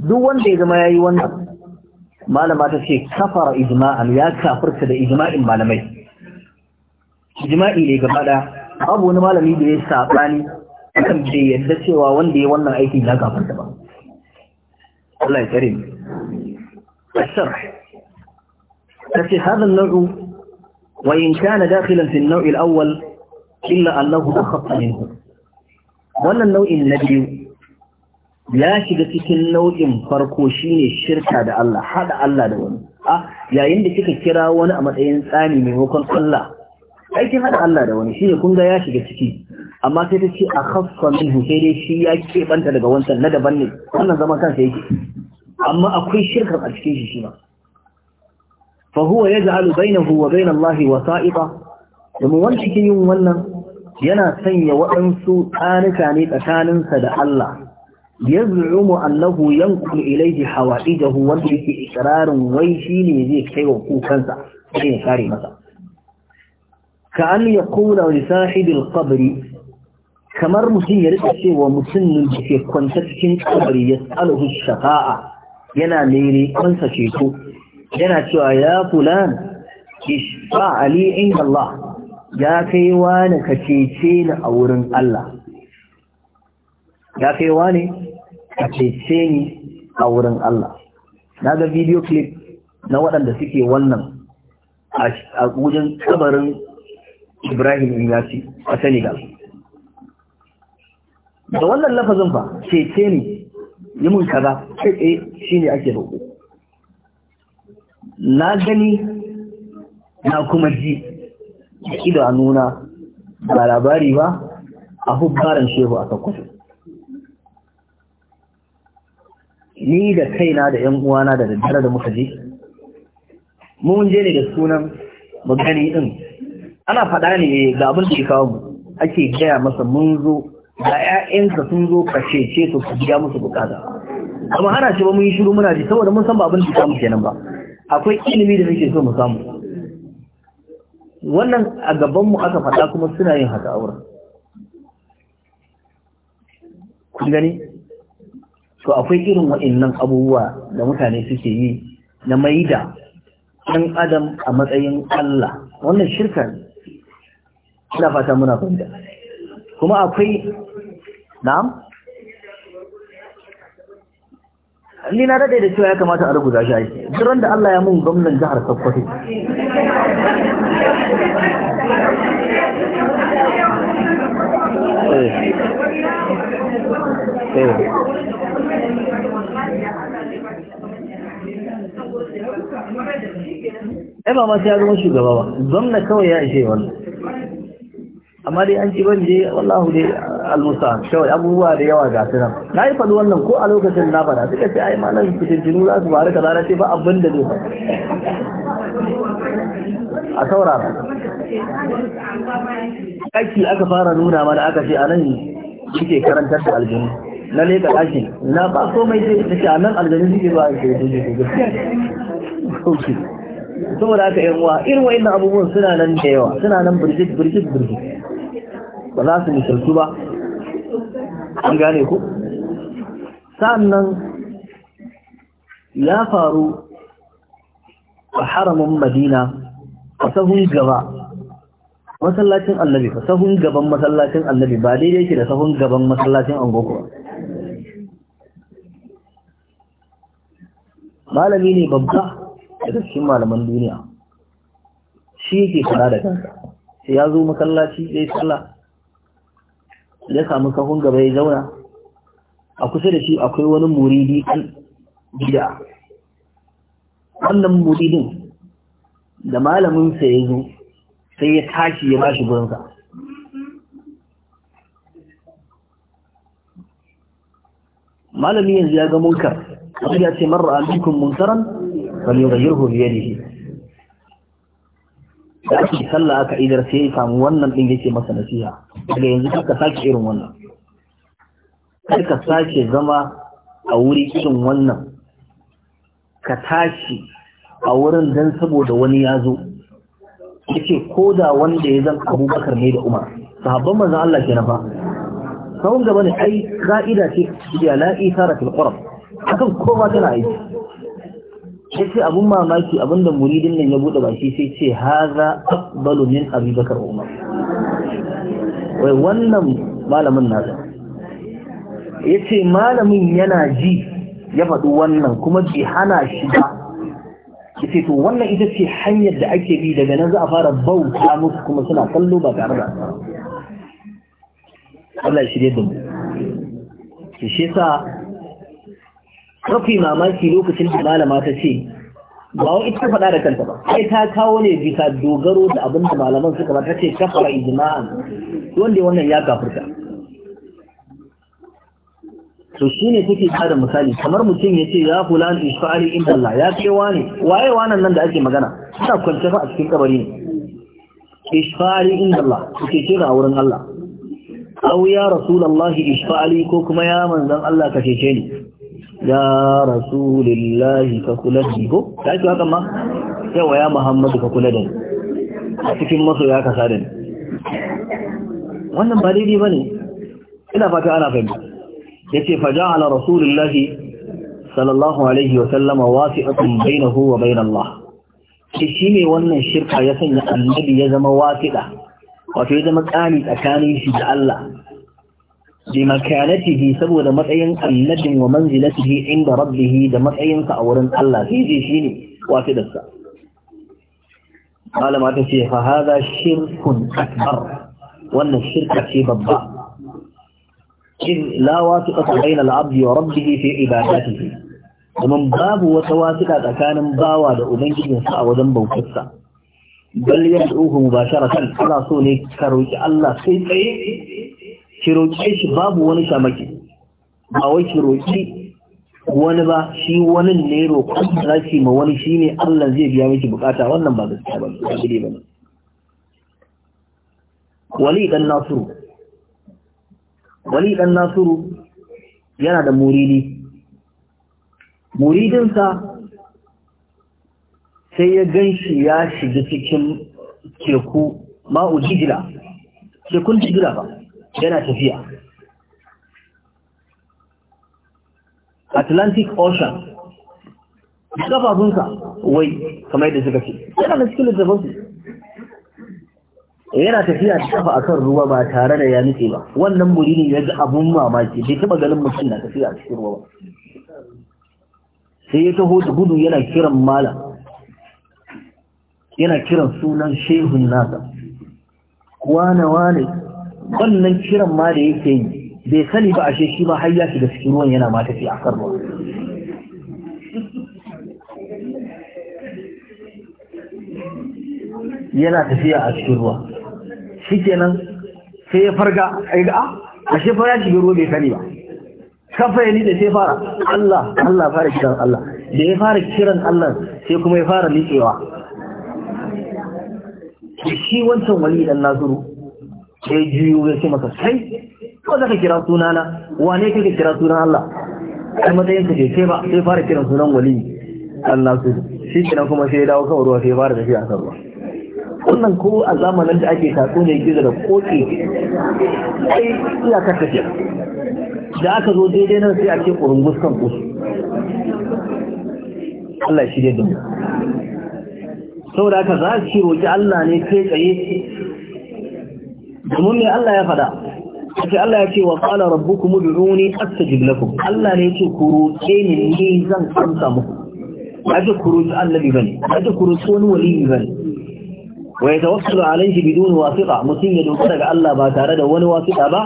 duk wanda ya zama ya wannan malama ta ce safara ijma'an ya kafirta da ijma'in malamai ijma'i ne gaba da babu wani malami da ya sabani akan bai yadda cewa wanda ya wannan aikin ya kafirta ba Allah ya tsare hadin nau'i هذا النوع وإن كان داخلا في النوع الأول إلا أنه أخط منه ولا النوع ya shiga cikin nau'in farko shine shirka da Allah hada Allah da wani a yayin da kika kira wani a matsayin tsani maimakon Allah aikin hada Allah da wani shine kun ga ya shiga ciki amma sai ta ce a khaffa min sai dai shi ya keɓanta daga wancan na daban ne wannan zaman kansa yake amma akwai shirka a cikin shi shi ma fa huwa yaj'alu bainahu wa bain Allah wasa'iqa domin wanda yake yin wannan yana sanya waɗansu tsanuka ne tsakaninsa da Allah yaz'umu annahu yanqulu ilayhi hawaijahu wanda yake ikrarin wai shine zai kai wa kukansa sai ya kare masa ka an yaqula li sahibi al kamar mutum ya rika cewa mutumin da ke kwanta cikin kabari ya tsaluhu shafa'a yana mere kansa ceto yana cewa ya fulan ishfa ali inda Allah ya kai wani ka ni a wurin Allah ya kai wani ka cece ni a wurin Allah na ga video clip na waɗanda suke wannan a wujen kabarin Ibrahim Ingasi a Senegal da wannan lafazin fa cece ni yi mun kaza kai tsaye shine ake roƙo na gani na kuma ji a nuna ba labari ba a hubbaran shehu a kakwato ni da kaina da yan uwana da daddare da muka je mun je ne da sunan magani din ana faɗa ne ga abin da ya kawo mu ake gaya masa mun zo da 'ya'yansa sun zo ce-ce su ku biya musu bukata amma hana shi ba mun yi shiru muna ji saboda mun san ba abin da samu kenan ba akwai ilimi da muke so mu samu wannan a gabanmu aka faɗa kuma suna yin haka a wurin kun gani to akwai irin waɗannan abubuwa da mutane suke yi na maida ɗan adam a matsayin Allah wannan shirka ne ina fata muna fahimta kuma akwai na'am ni na daɗe da cewa ya kamata a rubuta shi aiki duran da Allah ya mun gwamnan jihar Sokoto eh eh ai ba ma sai ya zama shugaba ba gwamna kawai ya ishe wani. amma dai an ci ban je wallahu dai almusa kawai abubuwa da yawa ga su nan na yi faɗi wannan ko a lokacin na faɗa suka ce ai malam fitintinu za su faru kaza na ce ba abin da zai a saurara aiki aka fara nuna mana aka ce a nan suke karantar da aljanu na leka ɗakin na ba komai ce a nan aljanu suke ba a ke saboda haka yan uwa irin wa'annan abubuwan suna nan da yawa suna nan birjit birjit birjit ba za su misaltu ba an gane ku sa'annan ya faru a haramin madina a sahun gaba masallacin annabi a sahun gaban masallacin annabi ba daidai yake da sahun gaban masallacin angogo malami ne babba daga cikin malaman duniya shi yake kula da kansa sai ya zo masallaci ya yi sallah ya samu kahun gaba ya zauna a kusa da shi akwai wani muridi kan gida, wannan muridin da malamin sa ya zo sai ya tashi ya shi gurinsa malami yanzu ya ga munkar wani ya ce marar alikun munkaran falyughayyirhu bi yadihi da ake sallah aka idar sai ya samu wannan din yake masa nasiha daga yanzu kar sake irin wannan kar ka sake zama a wuri irin wannan ka tashi a wurin dan saboda wani ya zo yake ko da wanda ya zan abubakar ne da umar sahabban manzan Allah ke fa. sahun gaba ne ai ka'ida ce ya la'i tara fil qurab akan kowa tana aiki yace abun mamaki abinda muridin nan ya bude baki sai ce haza afdalu min Abi Bakar Umar wai wannan malamin nasa yace malamin yana ji ya faɗi wannan kuma bai hana shi ba ce to wannan ita ce hanyar da ake bi daga nan za a fara bauta musu kuma suna kallo ba tare da Allah ya shirye da mu shi mafi mamaki lokacin da malama ta ce ba wai ita faɗa da kanta ba sai ta kawo ne bisa dogaro da abin da malaman suka ba ta ce kafara ijma'an wanda wannan ya gafurta to shi ne ba da misali kamar mutum ya ce ya fulan isfa'ali inda Allah ya ce wani waye wannan nan da ake magana ina kwance fa a cikin kabari ne isfa'ali inda Allah kake ce a wurin Allah aw ya rasulullahi isfa'ali ko kuma ya manzon Allah ka cece ni ya rasulillahi ka kula da ko ta haka ma yawa ya muhammadu ka kula da ni a cikin maso ya kasa da ni wannan ba daidai ba ne ina fata ana fahimta ya ce faja ala rasulillahi sallallahu alaihi wa sallama wasi'atun bainahu wa bain Allah shi shi ne wannan shirka ya sanya annabi ya zama wasiɗa wato ya zama tsani tsakanin shi da Allah بمكانته سبود متأين النجم ومنزلته عند ربه ده متأين سأورن الله في شيني وافد السا قال ما تشي فهذا شرك أكبر وأن الشرك شيء ببع إذ لا واثقة بين العبد وربه في عباداته ومن باب وتواثقة كان باوى لأبنجه سأوذن بوكسا بل يدعوه مباشرة على صوني كروج الله سيطعي ki roƙe shi babu wani maki. ba wai ki roƙi wani ba shi wani ne roƙon da zaki ma wani shi ne Allah zai biya miki bukata wannan ba gaskiya ba ba gide ba wali dan nasiru wali dan nasuru yana da muridi muridinsa sai ya ganshi ya shiga cikin teku ma'u jigila tekun jigila ba yana tafiya atlantic ocean kafafunsa wai kamar yadda suka ce yana da cikin littafansu yana tafiya da kafa a kan ruwa ba tare da ya nufi ba wannan muri ne ya ga abun mamaki bai taɓa ganin mutum na tafiya a cikin ruwa ba sai ya taho da gudu yana kiran mala yana kiran sunan shehun nasa wane wane wannan kiran ma da yake yi bai sani ba ashe shi ma har ya shiga cikin ruwan yana ma tafi a kan ruwa yana tafiya a cikin ruwa shikenan sai ya farga a ga ah, shi fara shiga ruwa bai sani ba kafa ya da sai fara Allah Allah fara kiran Allah da ya fara kiran Allah sai kuma ya fara nitsewa shi wancan wali dan nazuru sai jiyu ya ce maka sai ko za ka kira sunana wane kake kira sunan Allah kai matsayin ka ce ba sai fara kiran sunan wali Allah su shi kina kuma sai dawo kan ruwa sai fara tafiya kan ruwa wannan ko a zamanin da ake tatso ne gizo da koke sai iya karkace da aka zo daidai nan sai a ce kurungus kan kusu Allah shi da mu saboda haka za ki roƙi Allah ne kai tsaye domin ne Allah ya faɗa sai Allah ya ce wa qala rabbukum ud'uni astajib lakum Allah ne yake ku roƙe ni ni zan amsa muku aje ku allah annabi bane aje ku roƙi wani wali bane wa yatawassalu alayhi bidun wasiqa mutum ya dogara ga Allah ba tare da wani wasiqa ba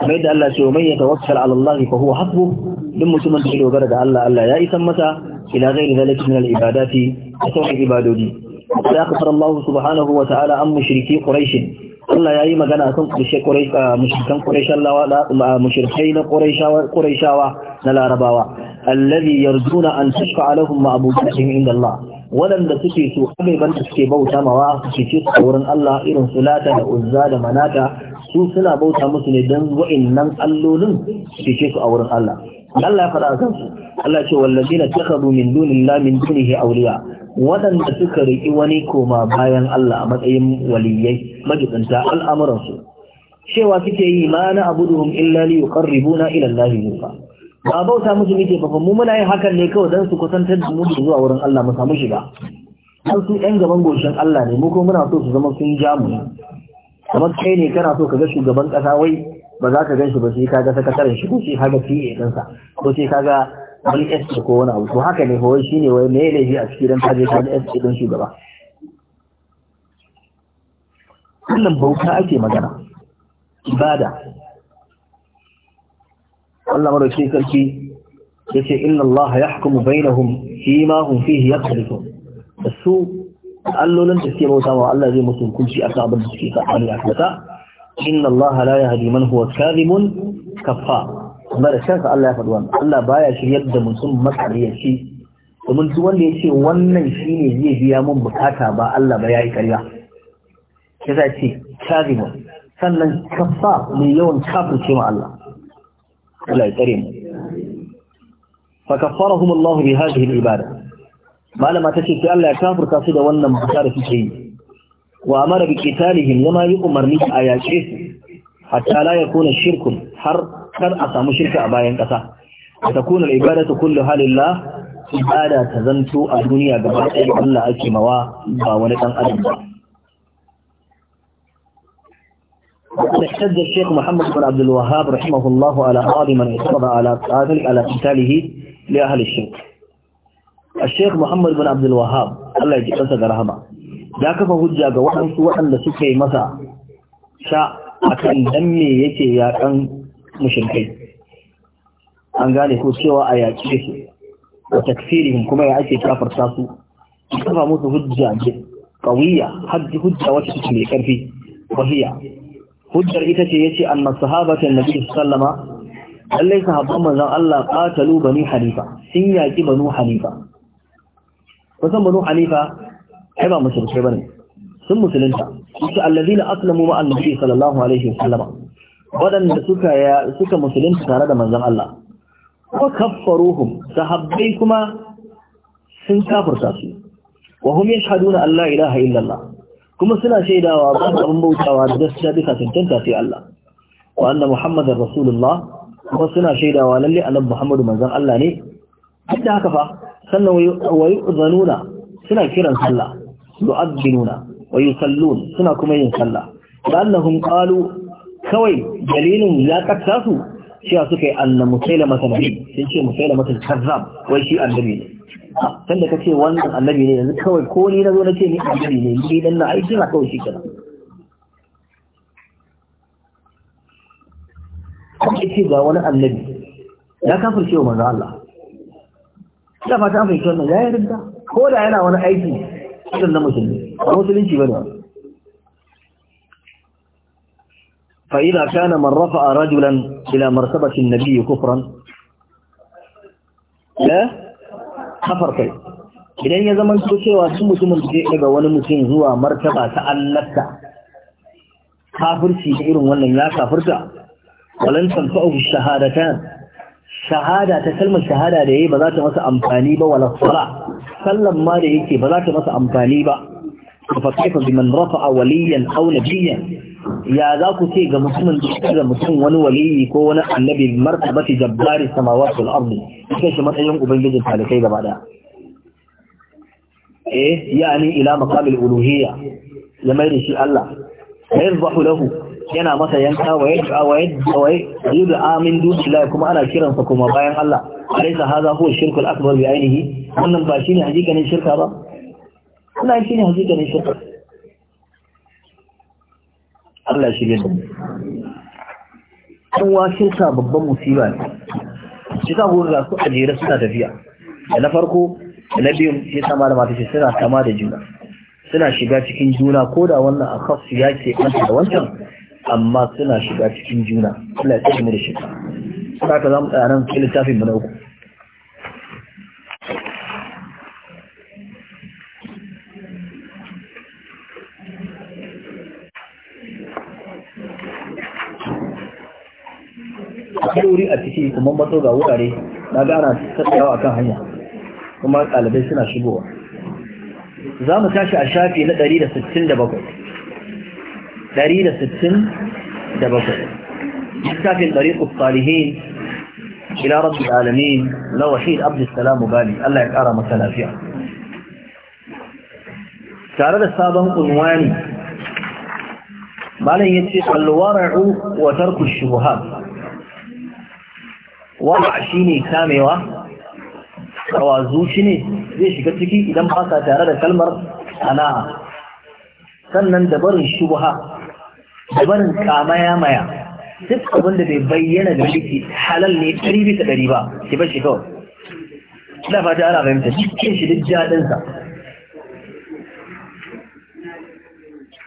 kamar yadda Allah ce man yatawakkal ala Allah fa huwa hasbu din mutumin da ya dogara ga Allah Allah ya isan masa ila ghairi zalika min al-ibadati sauran ibadodi sai aka fara Allah subhanahu wa ta'ala an mushriki quraish Allah ya yi magana akan ƙarshe mushrikan mushrikai na ƙuraishawa na larabawa allazi yarjuna an tashfa alahum ma'budatuhum inda Allah waɗanda suke so abeban da suke bauta mawa su ce a wurin Allah irin sulata da uzza da manata su suna bauta musu ne don wa'annan allolin su ce su a wurin Allah Allah ya faɗa a kansu Allah ce wallazi na takadu min dunillah min dunihi awliya waɗanda suka riki wani koma bayan Allah a matsayin waliyai majidanta al'amuransu cewa suke yi ma na abuduhum illa li yuqarribuna ila Allah yufa ba bauta musu muke ba mu muna yin hakan ne kawai don su kusantar da mu zuwa wurin Allah mu samu shiga har su ɗan gaban goshin Allah ne mu muna so su zama sun ja mu kamar kai ne kana so ka ga shugaban ƙasa wai ba za ka ganshi ba sai ka ga sakataren shi ko sai ka ga PA ɗinsa ko sai ka ga wani SP ko wani abu to haka ne kawai shine wai me laifi a cikin ka je ka ga SP ɗin shugaba wannan bauta ake magana ibada Allah madauki sarki yace inna Allah yahkumu bainahum fi ma hum fihi da su allolin da suke bauta wa Allah zai musu hukunci akan abin da suke tsakani a kasa إن الله لا يهدي من هو كاذب كفا مر شيخ الله يفضل الله بايا شريد دم سن مسعر يشي ومن سوال يشي ونن شيني جي بيا من بطاكا با الله بايا كريا كذا يشي كاذب سن لن كفا ليون كافر شما الله الله يكريم فكفرهم الله بهذه العبادة ما لما تشي الله كافر تصيد ونن بطاكا في شيء wa amara bi qitalihim yama yi umarni a yaƙe su hatta la yakuna shirkun har kar a samu shirka a bayan ƙasa takuna al-ibadatu kullu halillah ibada ta zanto a duniya gaba ɗaya Allah ake mawa ba wani ɗan adam ba احتج الشيخ محمد بن عبد الوهاب رحمه الله على ala من اعترض على على قتاله لأهل الشرك الشيخ محمد بن ya ji الله يجزاه رحمه ya kafa hujja ga waɗansu waɗanda suke masa sha a kan dan me yake yaƙan mushirkai an gane ko cewa a da su wa takfirihim kuma ya ake kafarta su kafa musu hujja ƙawiyya haddi hujja wata take mai karfi wahiya hujjar ita ce yace anna sahabata annabi sallama lalle sahabban manzon Allah qatalu bani hanifa sun yaƙi banu hanifa kusan banu hanifa kai ba musulmai bane sun musulunta su na aslamu ma annabi sallallahu alaihi wasallama waɗanda suka suka musulunta tare da manzon Allah wa kaffaruhum sahabbai kuma sun kafirta su wa hum yashhaduna an la ilaha illallah kuma suna shaidawa ba abin bautawa da gaskiya bisa tantanta sai Allah wa anna muhammadar rasulullah kuma suna shaidawa lalle annabi muhammadu manzon Allah ne duk da haka fa sannan wa yu'zanuna suna kiran sallah yu'addinuna wa yusallun suna kuma yin sallah la'annahum qalu kawai dalilin ya katta su cewa suka yi anna musaila mata sun ce musaila mata kazzab wai shi annabi ne san da kace wannan annabi ne yanzu kawai ko ni nazo nace ni annabi ne ni dan na aiki na kawai shi kana. kuma ce ga wani annabi ya kafirce wa manzo Allah da fata an fahimci wannan ya yarda ko da yana wani aiki فإذا كان من رفع رجلا إلى مرتبة النبي كفرا لا كفر كيف إذا يزمن سوى سمو سمو جئب ونمسين هو مرتبة تألت كافر في شئر ولن لا كافر ولن تنفعه الشهادتان شهادة تسلم الشهادة ليه بذات مثلا أمفاني sallan ma da yake ba za ta masa amfani ba fa kaifa biman a waliyan auna nabiyyan ya za ku ce ga mutumin da mutum wani waliyi ko wani annabi martabati jabbari samawati wal ardi kai shi matsayin ubangijin talikai gaba daya eh yani ila maqamil uluhiyya ya mai da shi Allah yadhahu lahu yana masa yanka wa yadda wa yadda wa yadda amin dukillahi kuma ana kiransa kuma bayan Allah alaysa hadha huwa shirku al-akbar bi ainihi wannan ba shine hakikanin shirka ba wannan shine hakikanin shirka Allah shi ne wa shirka babban musiba ne shi ta gurga su a jere suna tafiya da na farko da na biyun shi ta malama ta ce suna kama da juna suna shiga cikin juna ko da wannan a kasu ya ce da wancan amma suna shiga cikin juna Allah ya tsare da shi suna ka zamu tsaya nan cikin littafin mu na uku akwai wuri a ciki kuma matso ga wurare na gana tattawa kan hanya kuma ɗalibai suna shigowa za mu tashi a shafi na 167 ɗari da sittin da bakwai littafin ɗari ƙustalihin ila rabbi alamin na wahid abdulsalam bali Allah ya ƙara masa lafiya tare da sabon unwani malam ya ce alwara'u wa tarku shubuhat shi shine kamewa zuci ne? zai shiga ciki idan ba ka tare da kalmar ana sannan da barin shubha da barin kamaya maya duk abin da bai bayyana da shi halal ne ɗari bisa ɗari ba ki bar shi kawai ina fata ana fahimta cikin shi duk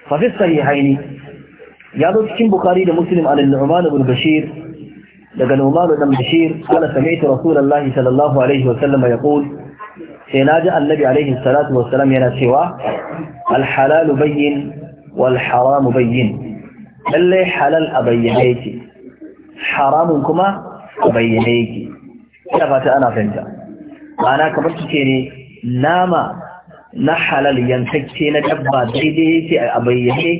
fi fafi haini ya zo cikin bukari da muslim an al-nu'man ibn bashir daga nu'man ibn bashir kana sami'tu rasulullahi sallallahu alaihi wa sallam yaqul sai na ji annabi alaihi salatu wa sallam yana cewa al-halal bayyin wal haram bayyin lallai halal a bayyane yake haramun kuma a bayyane yake ina fata ana fahimta ma'ana kamar kike ne nama na halal yankacce na dabba daidai yake a bayyane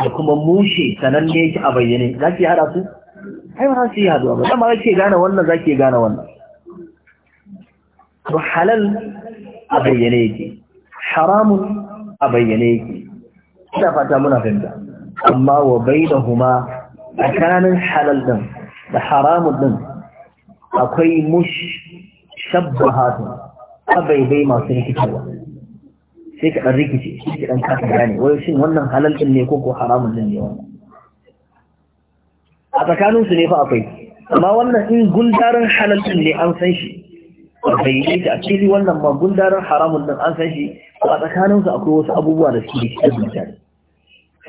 da kuma mushe sananne yake a bayyane za ki hada su ai ba su yi haduwa ba dama kake gane wannan za ki gane wannan to halal a bayyane yake haramun a bayyane yake ina fata muna fahimta amma wa bainahuma tsakanin halal din da haramun din akwai mush shabbahatu abaibai masu rikicewa sai ka ɗan rikice shi ka ɗan kasa gane wai shin wannan halal din ne ko ko haramun din ne wannan a tsakanin su ne fa akwai amma wannan in gundarin halal din ne an san shi bayyane ta cikin wannan ma gundarin haramun din an san shi a tsakanin su akwai wasu abubuwa da suke da cikin mutane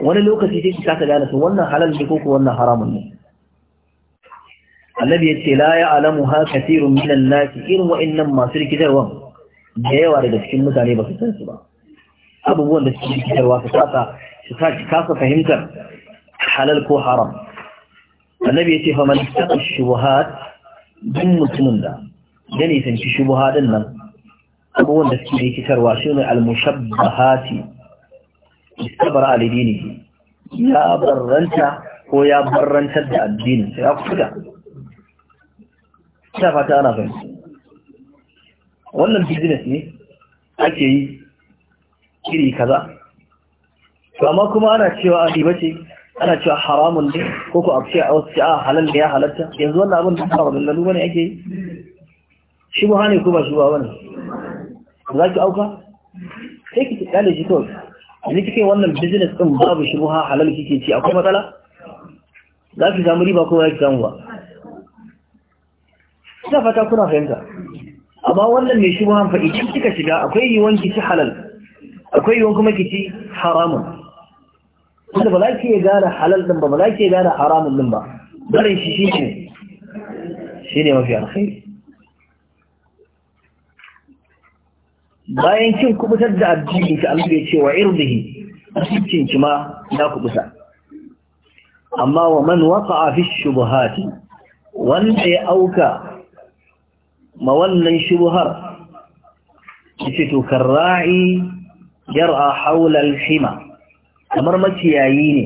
wani lokaci sai ki kasa gane su wannan halal ne ko ko wannan haramun ne annabi ya ce la ya'lamu ha kathirun minan nasi irin wa'annan masu rikitarwa da yawa daga cikin mutane ba su san su ba abubuwan da suke rikitarwa su kasa su kasa fahimtar halal ko haram annabi ya ce fa man taqa shubuhat duk mutumin da ya nisanci shubuha din nan abubuwan da suke rikitarwa shine al-mushabbahati istabar alidini ya barranta ko ya barrantar da addini ya kuda ta fata ana fahimta wannan business ne ake yi iri kaza to amma kuma ana cewa adiba ce ana cewa haramun ne ko ku abce a wasu a ah, halal ne ya halarta? yanzu wannan abin da ba wannan lalu bane ake yi shi ba ko ba shi ba bane za ki auka sai ki kyale shi kawai yanzu cikin wannan business din babu shi buha halal kike ci akwai matsala za ki samu riba ko ya ki samu ba ina fata kuna fahimta amma wannan mai shi buha fa cikin kika shiga akwai yiwuwan ki ci halal akwai yiwuwan kuma ki ci haramun kuma ba za ki iya gane halal din ba ba za ki iya gane haramun din ba barin shi shi ne shi ne mafi alkhairi bayan cin kubutar da addini ki Allah ya ce wa irdihi cikin ki ma na kubuta amma wa man waqa'a fi shubuhati wanda ya auka ma wannan shubuhar yace to karra'i yar'a hawla al-hima kamar maciyayi ne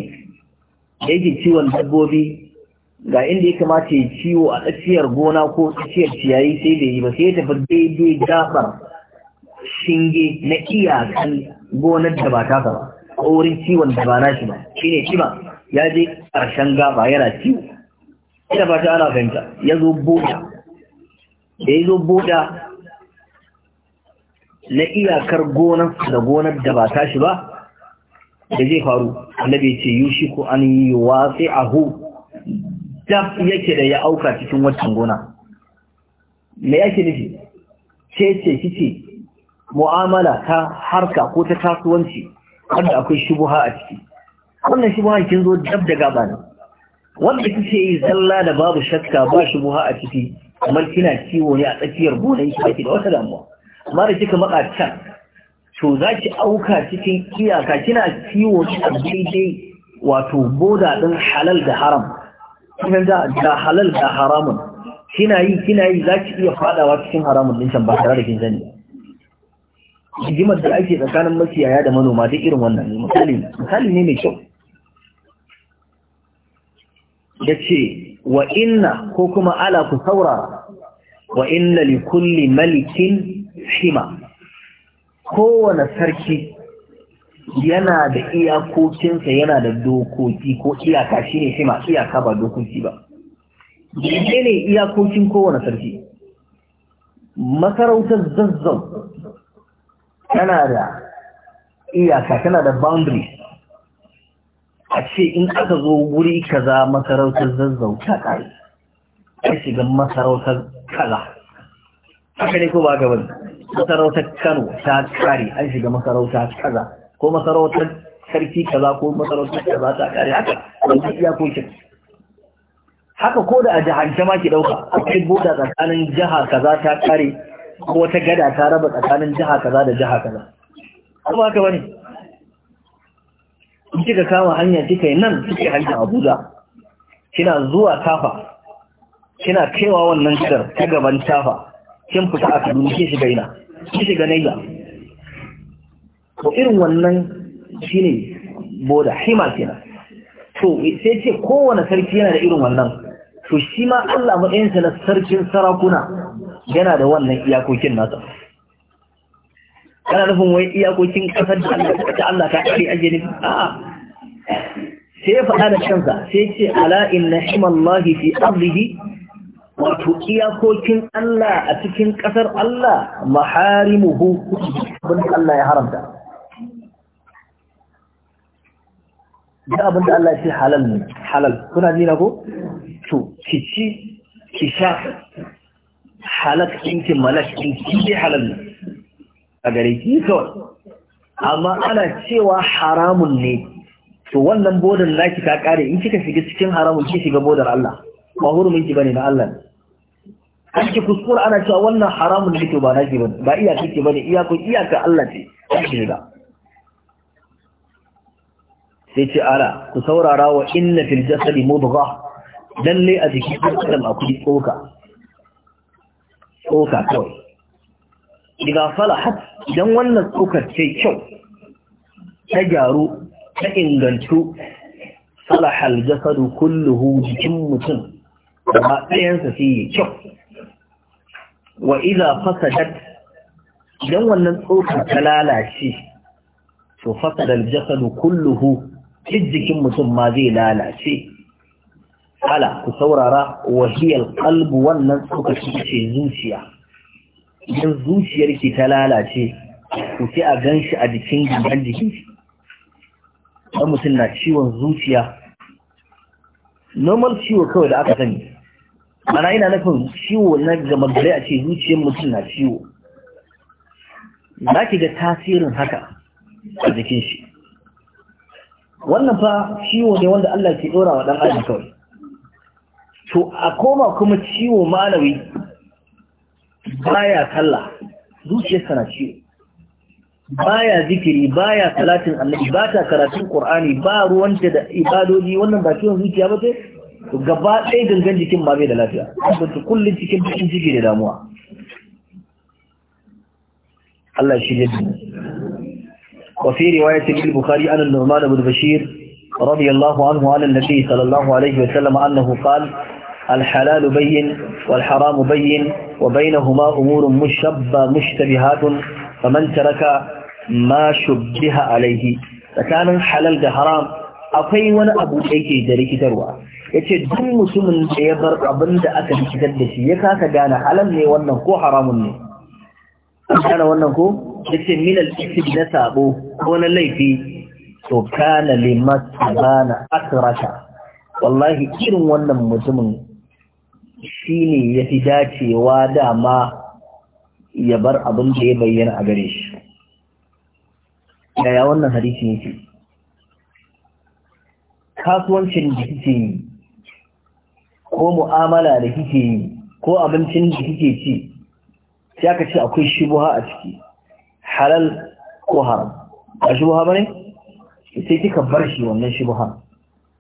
yake ciwon dabbobi ga inda ya kamata ya ciwo a tsakiyar gona ko tsakiyar ciyayi sai da yi ba sai ya tafi daidai gabar shinge na iyakan gonar da ba ta ba ko wurin ciwon da ba nashi ba shine kiba ya je ƙarshen gaba yana ciwo ina ba ta ana fahimta ya zo boda da ya zo boda na iyakar gonar da gonar da ba ta shi ba da zai faru annabi ce ko an yi watsi hu daf yake da ya auka cikin wancan gona me yake nufi ce ce kice mu'amala ta harka ko ta kasuwanci wanda akwai shubuha a ciki wannan shubuha kin zo dab da gaba ne wanda kike yi zalla da babu shakka ba shubuha a ciki kamar kina ciwo ne a tsakiyar gonan ki baki da wata damuwa amma da kika maka can to za ki auka cikin iyaka kina ciwo a daidai wato boda din halal da haram da halal da haramun kina yi kina yi za ki iya fadawa cikin haramun din can ba tare da kin sani rigimar da ake tsakanin makiyaya da manoma duk irin wannan ne misali ne mai kyau ya ce wa inna ko kuma ala ku saurara wa inna li kulli malikin shima kowane sarki yana da iyakokinsa yana da dokoki ko iyaka shi ne shima iyaka ba dokoki ba ne iyakokin kowane sarki masarautar zazzau tana da iyaka tana da boundary a ce in aka zo wuri kaza masarautar zazzau ta ƙari ta shiga masarautar kaza haka ne ko ba gaban masarautar kano ta ƙari an shiga masarauta kaza ko masarautar sarki kaza ko masarautar kaza ta ƙari haka wanda iyakokin haka ko da a jihar ma ke ɗauka a cikin boda tsakanin jiha kaza ta ƙare ko wata gada ta raba tsakanin jiha kaza da jiha kaza kuma haka bane in kika kama hanya kika nan kike hanya Abuja kina zuwa Tafa kina kaiwa wannan gidar ta gaban Tafa kin fita a Kaduna kin shiga ina kin shiga Niger to irin wannan shine boda hima kenan to sai ce kowane sarki yana da irin wannan to shi ma Allah matsayinsa na sarkin sarakuna yana da wannan iyakokin nasa kana nufin wai iyakokin kasar da Allah ta Allah ta kare aje ne a'a sai faɗa da kansa sai ce ala inna himallahi fi ardihi wato iyakokin Allah a cikin kasar Allah maharimuhu abin da Allah ya haramta da abin da Allah ya ce halal halal kuna jina ko to ki ci ki sha halak ɗinki malak ɗinki dai halal ne a gare ki kawai amma ana cewa haramun ne to wannan bodar naki ta kare in kika shiga cikin haramun ki shiga bodar Allah ba hurumin ki bane na Allah an ki kuskura ana cewa wannan haramun ne to ba naki bane ba iya kike bane iya ko ka Allah ce ki shiga sai ce ala ku saurara wa inna fil jasadi mudghah lalle a jiki kuma akwai tsoka tsoka kawai idan idan wannan tsokar ce kyau ta gyaru ta ingantu salahal jasadu kulluhu jikin mutum ba ɗayansa sai yi kyau wa iza fasadat idan wannan tsokar ta lalace to fasadal jasadu kulluhu duk jikin mutum ma zai lalace ala ku saurara wahiyar kalbu wannan suka ce zuciya idan zuciyar ki ta lalace ku ce a gan shi a jikin gangan jiki dan mutum na ciwon zuciya normal ciwo kawai da aka sani mana ina nufin ciwo na gama gari a ce zuciyar mutum na ciwo za ki ga tasirin haka a jikin shi wannan fa ciwo ne wanda Allah ke ɗora wa ɗan adam kawai to a koma kuma ciwo malawi baya kalla zuciyarsa na ciwo baya zikiri baya talatin annabi ba ta karatun qur'ani ba ruwanta da ibadoji wannan ba ciwon zuciya ba sai gaba ɗaya gangan jikin ma bai da lafiya saboda kullum cikin cikin jiki da damuwa Allah shi ne wa fi riwayat al-bukhari an an-nu'man ibn bashir radiyallahu anhu an nabi sallallahu alaihi wa sallam annahu qala الحلال بين والحرام بين وبينهما أمور مشبه مشتبهات فمن ترك ما شبه عليه فكان حلال ده حرام أقوي وانا أبو شيكي da rikitarwa yace duk mutumin da ya bar abin da aka rikitar da shi ya kasa gane halal wannan ko haramun ne an wannan ko yace min al na sabo ko na laifi to kana limat wallahi irin wannan mutumin shi ne ya fi dacewa dama ya bar abin da ya bayyana a gare shi yaya wannan hadisi yake kasuwancin da kike yi ko mu'amala da kike yi ko abincin da kike ci sai aka ce akwai shubuha a ciki halal ko haram a shubuha bane sai kika bar shi wannan shubuha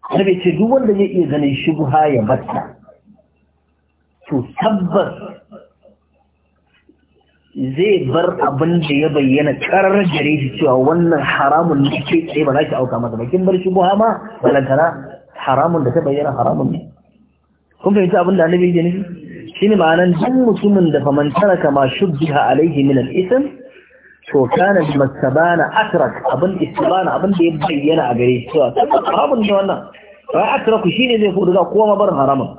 Sai ce duk wanda ya iya ganin shubuha ya batta to tabbas zai bar abin da ya bayyana karar gare shi cewa wannan haramun ne ke tsaye ba za ki auka masa bakin bar shi buha ma balantana haramun da ta bayyana haramun ne kun fahimci abin da annabi ya nufi ne ma'anan duk mutumin da faman taraka ma shubbiha alaihi min al-ithm to kana masabana atrak abin istibana abin da ya bayyana a gare shi cewa haramun ne wannan ra atraku shine zai fudu ga kowa ma bar haramun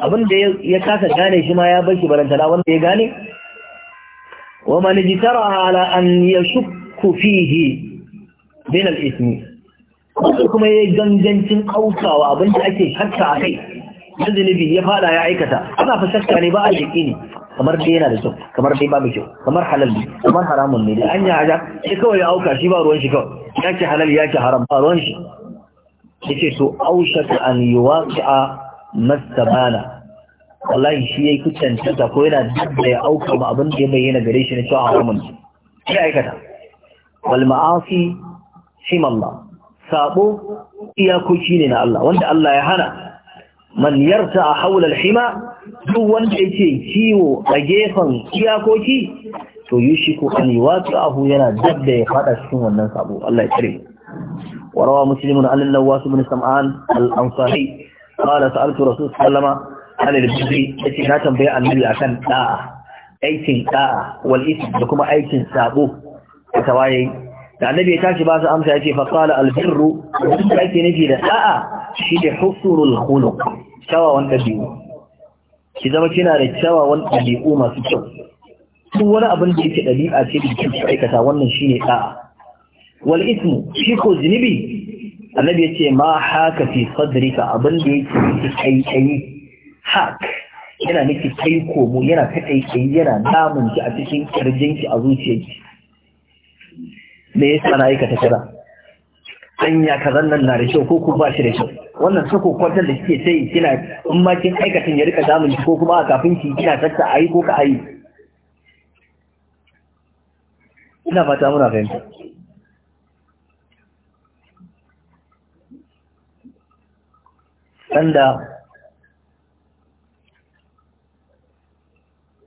abin da ya kasa gane shi ma ya bar shi barantana wanda ya gane wa man jitara ala an yashukku fihi bin al-ismi wanda kuma ya yi gangancin kaukawa abin da ake shakka a kai zunubi ya fada ya aikata ana fa shakka ne ba a yaqini kamar dai yana da kyau kamar dai babu kyau kamar halal ne kamar haramun ne da an ya haja sai kawai ya auka shi ba ruwan shi kawai ya ce halal ya ce haram ba ruwan shi yace to aushaka an yi yuwaqa mastamana wallahi shi yayi kucanta ta ko yana da ya auka ma abin da ya bayyana gare shi na cewa haramun sai aikata wal ma'asi shim Allah sabo iyakoki ne na Allah wanda Allah ya hana man yarta a haula al-hima duk wanda yake kiwo a gefen iyakoki to yushiku an abu yana dabda ya fada cikin wannan sabo Allah ya kare وروى مسلم عن النواس بن سمعان الأنصاري qala sa'altu rasul sallama an al-bidri yace na tambaye annabi akan da'a aikin da'a wal da kuma aikin sabo ta waye da annabi ya tashi ba su amsa ya ce qala al-birru duk ake da ɗa'a shi da husnul khuluq kyawawan dabi'u ki zama kina da kyawawan dabi'u masu kyau duk wani abin da yake ɗabi'a ce da kike aikata wannan shine ɗa'a. Wal'ismu shi ko zunubi annabi ya ce ma haka fi sadrika abin da yake nufi kai hak yana nufi kai komo yana ta kai yana namun ki a cikin ki a zuciyarki me yasa na aikata kaza ya kazan nan na da kyau ko kuma ba shi da kyau wannan sako kwatar da kike sai kina in ma kin aikata ya rika damun ki ko kuma a kafin ki kina tatta ayi ko ka ayi ina fata muna fahimta sanda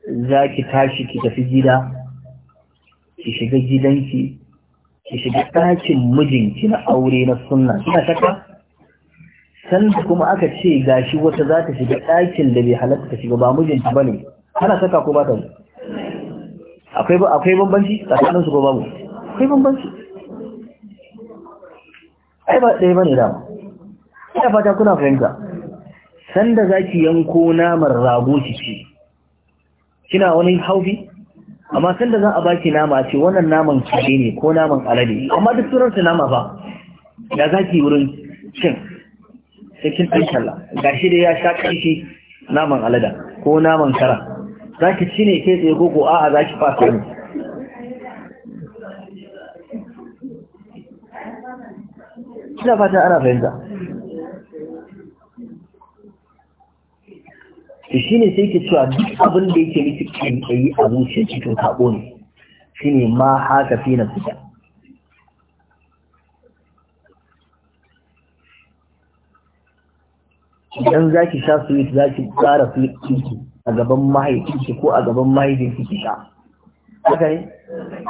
za ki tashi ki tafi gida ki shiga gidanki ki shiga ɗakin mijinki na aure na sunna kina shakka sanda kuma aka ce gashi wata za ta shiga ɗakin da bai halatta ta shiga ba mijinki ba ne. Kana saka ko ba ta akwai banbanci? bambanci tsakanin su ko babu akwai bambanci ai ba ɗaya ne dama ina fata kuna fahimta sanda zaki yanko namar rago ki ci kina wani haufi amma sanda za a baki nama ce wannan naman kare ne ko naman alade amma duk turar ta nama ba ya zaki wurin cin sai kin dan kalla gashi da ya sha kanshi naman alada ko naman kara zaki ci ne kai tsaye ko ko a'a zaki fasa ne ina fata ana fahimta to ne sai ke cewa duk abin da yake miki kai a zuciyar cikin sabo ne shine ma haka fi fita idan za ki sha sweet za ki ƙara sweet ɗinki a gaban mahaifinki ko a gaban mahaifinki ki sha haka ne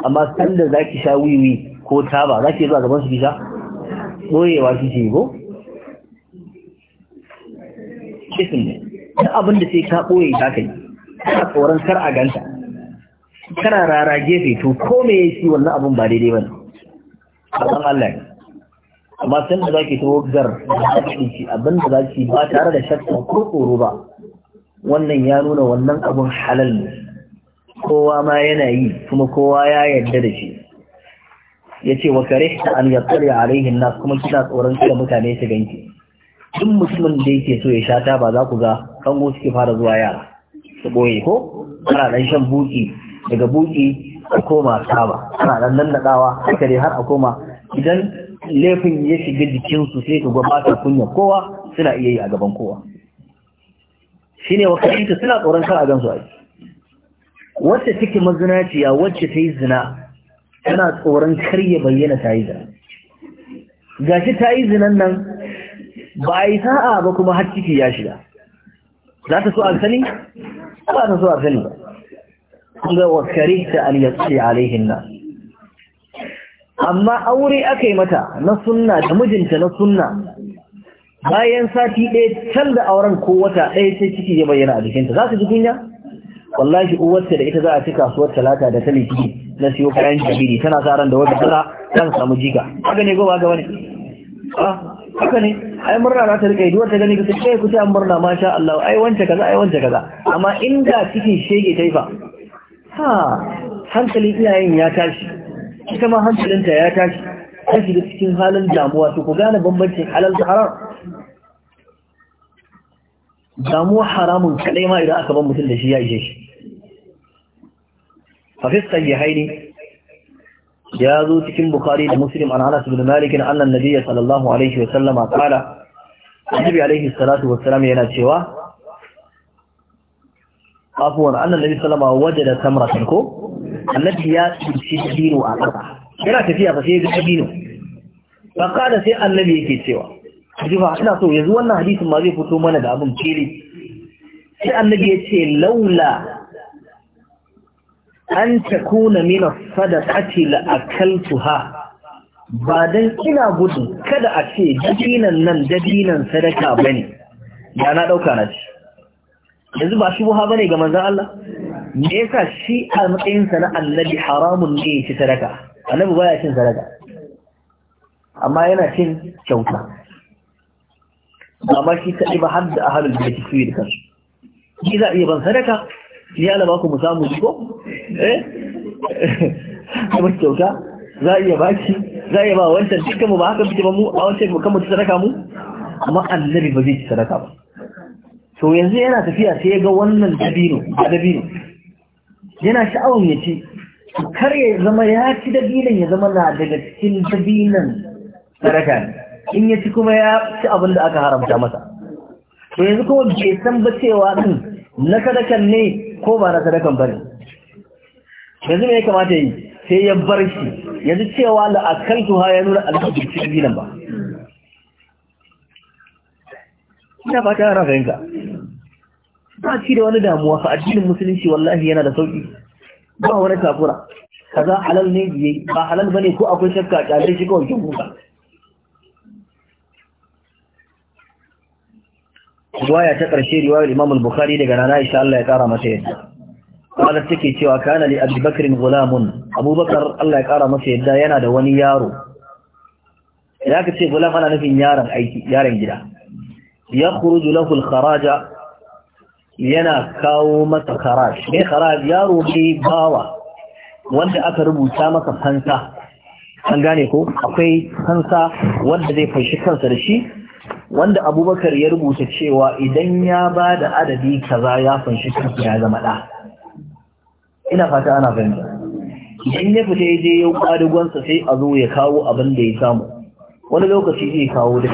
amma sanda za ki sha wiwi ko taba za ki zuwa gaban su ki sha ɓoyewa kike ko kisin ne duk abin da sai ka ɓoye za ka yi kana tsoron kar a ganta kana rara gefe to ko me ya shi wannan abin ba daidai ba ne abin Allah ne amma san da zaki ta wogar shi abin da zaki ba tare da shakka ko tsoro ba wannan ya nuna wannan abin halal ne kowa ma yana yi kuma kowa ya yarda da shi yace wa karihta an yattali alaihi kuma kina tsoron kada mutane su ganki duk musulman da yake so ya sha taba za ku ga kango suke fara zuwa yara su boye ko ana dan shan buki daga buki a koma taba ana dan nannadawa haka dai har a koma idan laifin ya shiga jikinsu sai ka ta kunya kowa suna iya yi a gaban kowa shine wakalinta suna tsoron kar a gan su a wacce take mazinaciya wacce ta yi zina tana tsoron kar ya bayyana ta yi zina gashi ta yi zinan nan ba a yi sa'a ba kuma har ciki ya shiga za ta so a sani ba ta so a sani ba ga wakari ta aliyarci a alaihin na amma aure aka yi mata na suna da mijinta na sunna bayan sati ɗaya can da auren ko wata ɗaya sai ciki ya bayyana a jikinta za su ji kunya wallahi uwarta da ita za a ci kasuwar talata da ta na siyo kayan jabiri tana sa ran da wata tara za samu jika gaba ne haka ne ai murna za ta rike duwar ta gani ka sai kai eh, kuce an murna ma sha Allah ai wance kaza ai wance kaza amma inda cikin shege tai fa ha hankalin iyayen ya tashi ita ma hankalinta ya tashi ta shiga cikin halin damuwa to ku gane bambancin halal da haram damuwa haramun kadai ma idan aka ban mutum da shi ya ishe shi fa fi sayyihaini ya zo cikin bukhari da muslim an anas bin annan an annabi sallallahu alaihi wa sallama qala annabi alaihi salatu wa sallam yana cewa afwan annan nabi sallama wajada tamratan ko annabi ya tsinci dino a ƙasa yana tafiya fa sai ga dino fa kada sai annabi yake cewa jifa ina so yanzu wannan hadisin ma zai fito mana da abin fili sai annabi ya ce laula an takuna mina as-sadaqati la akaltuha ba don ina gudu kada a ce dabinan nan dabinan sadaka bane Ya na ɗauka na ce. yanzu ba ba ne ga manzan Allah me yasa shi a matsayinsa na annabi haramun ne ya ci sadaka annabi ba ya cin sadaka amma yana cin kyauta amma shi ɗi ba har da da kansu shi za a iya ban sadaka ni ala ba ku mu samu ko eh kuma kyauta za a iya baki za iya ba wancan dukkan mu ba haka muke ba mu a wancan mu kamar sadaka mu amma annabi ba zai ci sadaka ba to yanzu yana tafiya sai ya ga wannan dabino a dabino yana sha'awar ya ce kar ya zama ya ci dabinan ya zama na daga cikin dabinan sadaka in ya ci kuma ya ci abin da aka haramta masa to yanzu kuma bai san ba cewa din hmm, na sadakan ne ko ba na sadakan bari? yanzu me ya kamata yi sai ya bar shi yanzu cewa la akaltu ya nuna cikin ginin ba ina ba ta rafin ka ba ci da wani damuwa fa addinin musulunci wallahi yana da sauki ba wani kafura kaza halal ne ba halal ne ko akwai shakka kyale shi kawai kin riwaya ta ƙarshe riwayar Imam al-Bukhari daga Nana Aisha Allah ya ƙara mata yadda qala take cewa kana li Abi Bakr gulamun Abu Allah ya ƙara masa yadda yana da wani yaro Ya ka ce gulam ana nufin yaron aiki yaron gida ya khuruju lahu al-kharaja yana kawo masa kharaj Me kharaj yaro ne bawa wanda aka rubuta masa fansa an gane ko akwai fansa wanda zai fashi kansa da shi wanda abubakar ya rubuta cewa idan ya ba da adadi kaza ya fanshi kafin ya zama ɗa ina fata ana fahimta idan ya fita ya je ya ƙwadugonsa sai a zo ya kawo abin da ya samu wani lokaci zai kawo da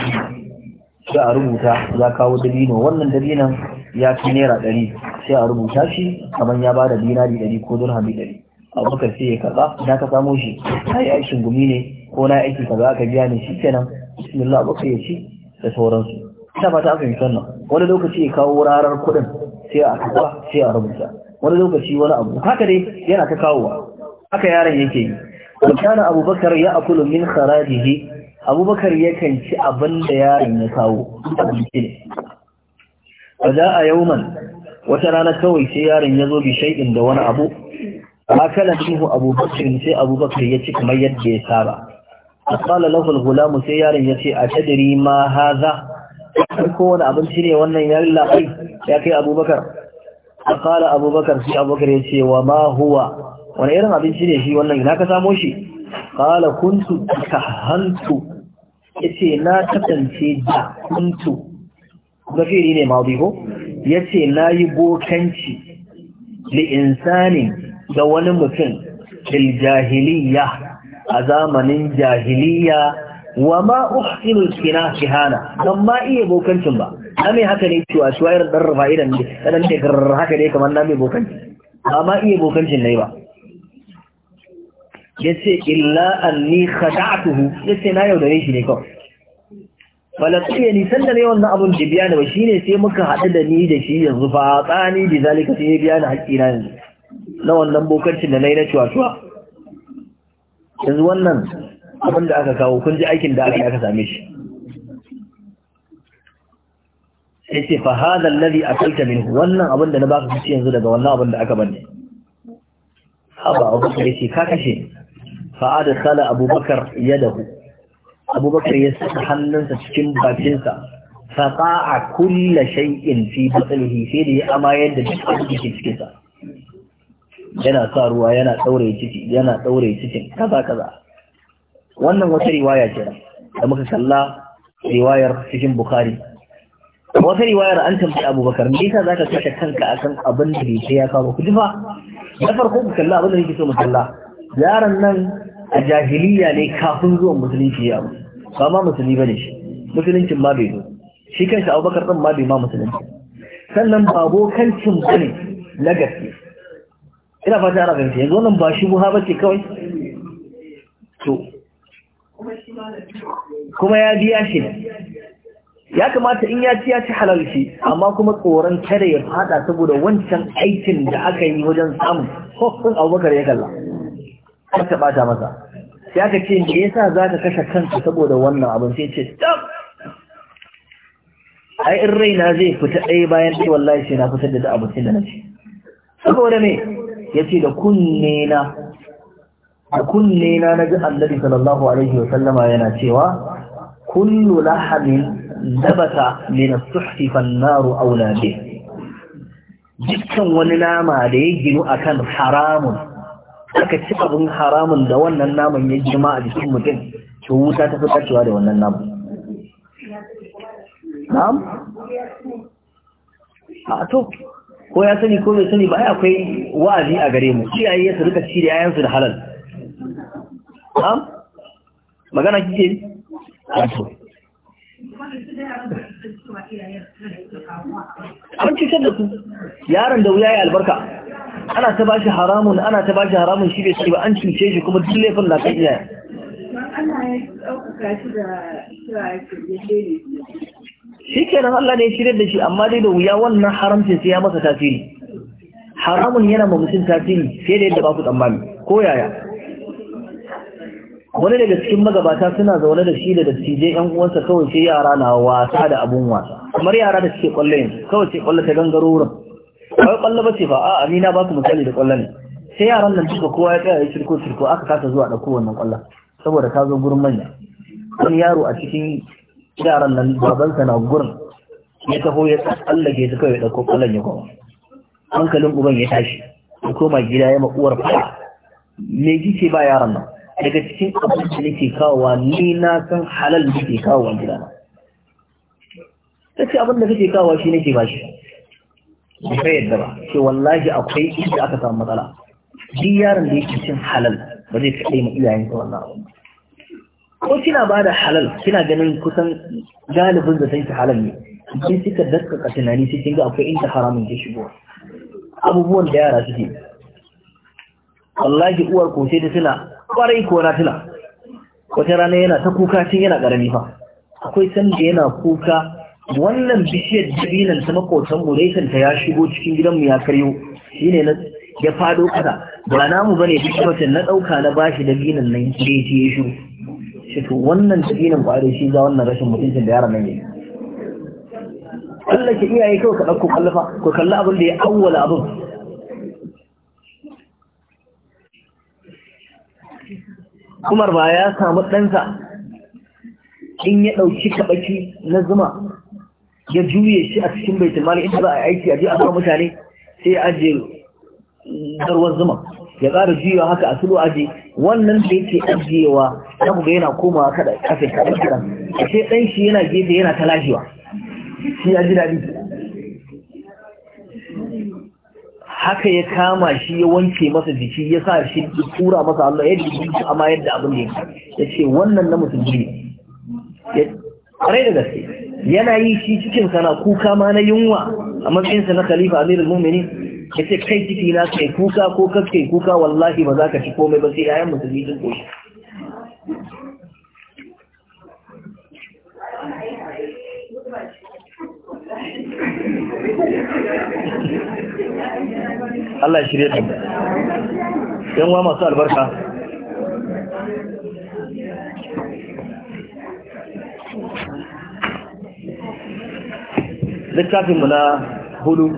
sai a rubuta ya kawo dabino wannan dabinon ya fi naira ɗari sai a rubuta shi kamar ya ba da dinari ɗari ko dirhami ɗari abubakar sai ya karɓa na ka samo shi na yi aikin gumi ne ko na aiki kaza ka biya ni shi kenan bismillah abubakar ya ci da sauransu ina ta aka yi sannan wani lokaci ya kawo wurarar kuɗin sai a kasuwa sai a rubuta wani lokaci wani abu haka dai yana ta kawowa haka yaron yake yi wakana abubakar ya akulu min kharajihi abubakar yakan ci abin da yaron ya kawo abinci ne za a yauman wata rana kawai sai yaron ya zo bi shaiɗin da wani abu kala minhu abubakar sai abubakar ya ci kamar yadda ya saba qala lahu al-ghulam sai yace a tadri ma hadha ko wani abinci ne wannan yarin labai ya kai abubakar qala abubakar sai abubakar yace wa ma huwa wani irin abinci ne shi wannan ina ka samo shi qala kuntu kahantu yace na kasance da kuntu gafiri ne maudi ko yace nayi bokanci li insani ga wani mutum fil jahiliya a zamanin jahiliya wa ma kina kihana don ma iya bokancin ba na mai haka ne cewa shi wayar dan rufa idan ne dan ne haka ne kamar na mai bokanci ba ma iya bokancin nai ba yace illa anni khada'tuhu yace na yaudare shi ne kawai falatiyya ni san da ne wannan abun da biya ba shine sai muka haɗu da ni da shi yanzu fa tsani bi zalika sai biya na hakki na yanzu na wannan bokancin da nai na cuwa-cuwa yanzu wannan abin da aka kawo kun ji aikin da aka aka same shi sai ce fa hada alladhi akalta min wannan abin da na baka kace yanzu daga wannan abin da aka bani haba abu ya ce ka kashe fa sala abubakar yadahu abubakar ya saka hannunsa cikin bakinsa fa a kullu shay'in fi batnihi sai da ya amayar da duk abin da ke cikin yana sa ruwa yana ɗaure ciki yana ɗaure cikin kaza kaza wannan wata riwaya ce da muka kalla riwayar cikin bukari wata riwayar an tambayi abubakar me yasa zaka kashe kanka akan abin da bai sai ya kawo ku jifa na farko ku kalla abin da yake so mu kalla yaron nan a jahiliya ne kafin zuwan musulunci ya ba ma musulmi bane shi musuluncin ma bai zo shi kansa abubakar din ma bai ma musulunci sannan ba bokancin bane na gaske ina fata ana ganin yanzu wannan ba shi buha bace kawai to kuma ya biya shi ya kamata in ya ci ya ci halal shi amma kuma tsoron kada ya fada saboda wancan aikin da aka yi wajen samun hukun abubakar ya kalla taba ta bata masa sai aka ce me yasa ka kashe kanka saboda wannan abin sai ce stop ai in raina zai fita ɗaya bayan ɗaya wallahi sai na fitar da abincin da na ci saboda me ya ce da kunne na da kunne na na ji annabi sallallahu alaihi wa sallama yana cewa kullu lahamin dabata min as-suhfi fan-naru awla bi dukkan wani nama da ya ginu akan haramun aka ci abun haramun da wannan naman ya girma a jikin mutum to wuta ta fi kacewa da wannan naman na'am a to ko ya sani ko bai sani ba ai akwai wa'azi a gare mu iyaye ya rika ci da su da halal ha magana kike wato an cutar da ku yaron da wuya ya albarka ana ta bashi haramun ana ta bashi haramun shi bai sani ba an cuce shi kuma duk laifin na kan iyaye Allah ya ɗaukaka shi da shi ne shi kenan Allah ne shirya da shi amma dai da wuya wannan haramcin sai ya masa tasiri haramun yana ma mutum tasiri sai da yadda ba ku tsammani ko yaya wani daga cikin magabata suna zaune da shi da dattijai yan uwansa kawai sai yara na wasa da abun wasa kamar yara da suke kwallo yanzu kawai sai kwallo ta gangaro wurin kawai kwallo ba ce fa a amina ba ku misali da kwallo ne sai yaran nan duka kowa ya tsaya ya cirko cirko aka kasa zuwa ɗauko wannan kwallo saboda ta zo gurin manya wani yaro a cikin yaran nan babansa na gurin ya taho ya allah ke ta kawai ɗauko ƙwallon ya koma hankalin uban ya tashi ya koma gida ya uwar fara me kike ba yaran nan daga cikin abin da nake kawowa ni na san halal da ke kawowa gida na tace abin da kake kawowa shi nake ba shi ba kai yadda ba ce wallahi akwai inda aka samu matsala duk yaran da yake cin halal ba zai taɓa mu ma iyayensa wannan abin ko kina ba da halal kina ganin kusan galibin da sanki halal ne kin kika daskaka tunani sai kin ga akwai inda haramun ke shigo abubuwan da yara suke wallahi uwar ko sai ta tuna kwarai ko na tuna wata rana yana ta kuka tun yana karami fa akwai sanda yana kuka wannan bishiyar dabinan ta makotan mu ta ya shigo cikin gidan mu ya karyo shine na ya fado kada ba namu bane bishiyar na dauka na bashi dabinan nan ke ya shigo shi to wannan tsakinin kwari shi za wannan rashin mutuncin da yaran nan yake Allah ke iyaye kawai ka ɗauko kallafa ku kalli abin da ya awwala abin Umar ba ya samu ɗansa in ya ɗauki kaɓaki na zuma ya juye shi a cikin baitul mali inda za a aiki a ji a mutane sai ya ajiye garwar zuma ya ƙara jiwa haka a tulo aje wannan da yake ajiyewa za ku ga yana komawa kada kafin kaɗan kira a ce ɗan shi yana gefe yana ta lashewa shi ya ji daɗi haka ya kama shi ya wanke masa jiki ya sa shi ya tura masa Allah ya jiki shi amma yadda abin da ya ce wannan na musulmi ya ƙwarai da gaske yana yi shi cikin sana kuka ma na yunwa a matsayinsa na khalifa amirul mu'minin yace kai ciki na kai kuka ko kake kuka wallahi ba za ka ci komai ba sai yayan musulmi sun koshi Allah shirye ta yan wa masu albarka littafinmu na hudu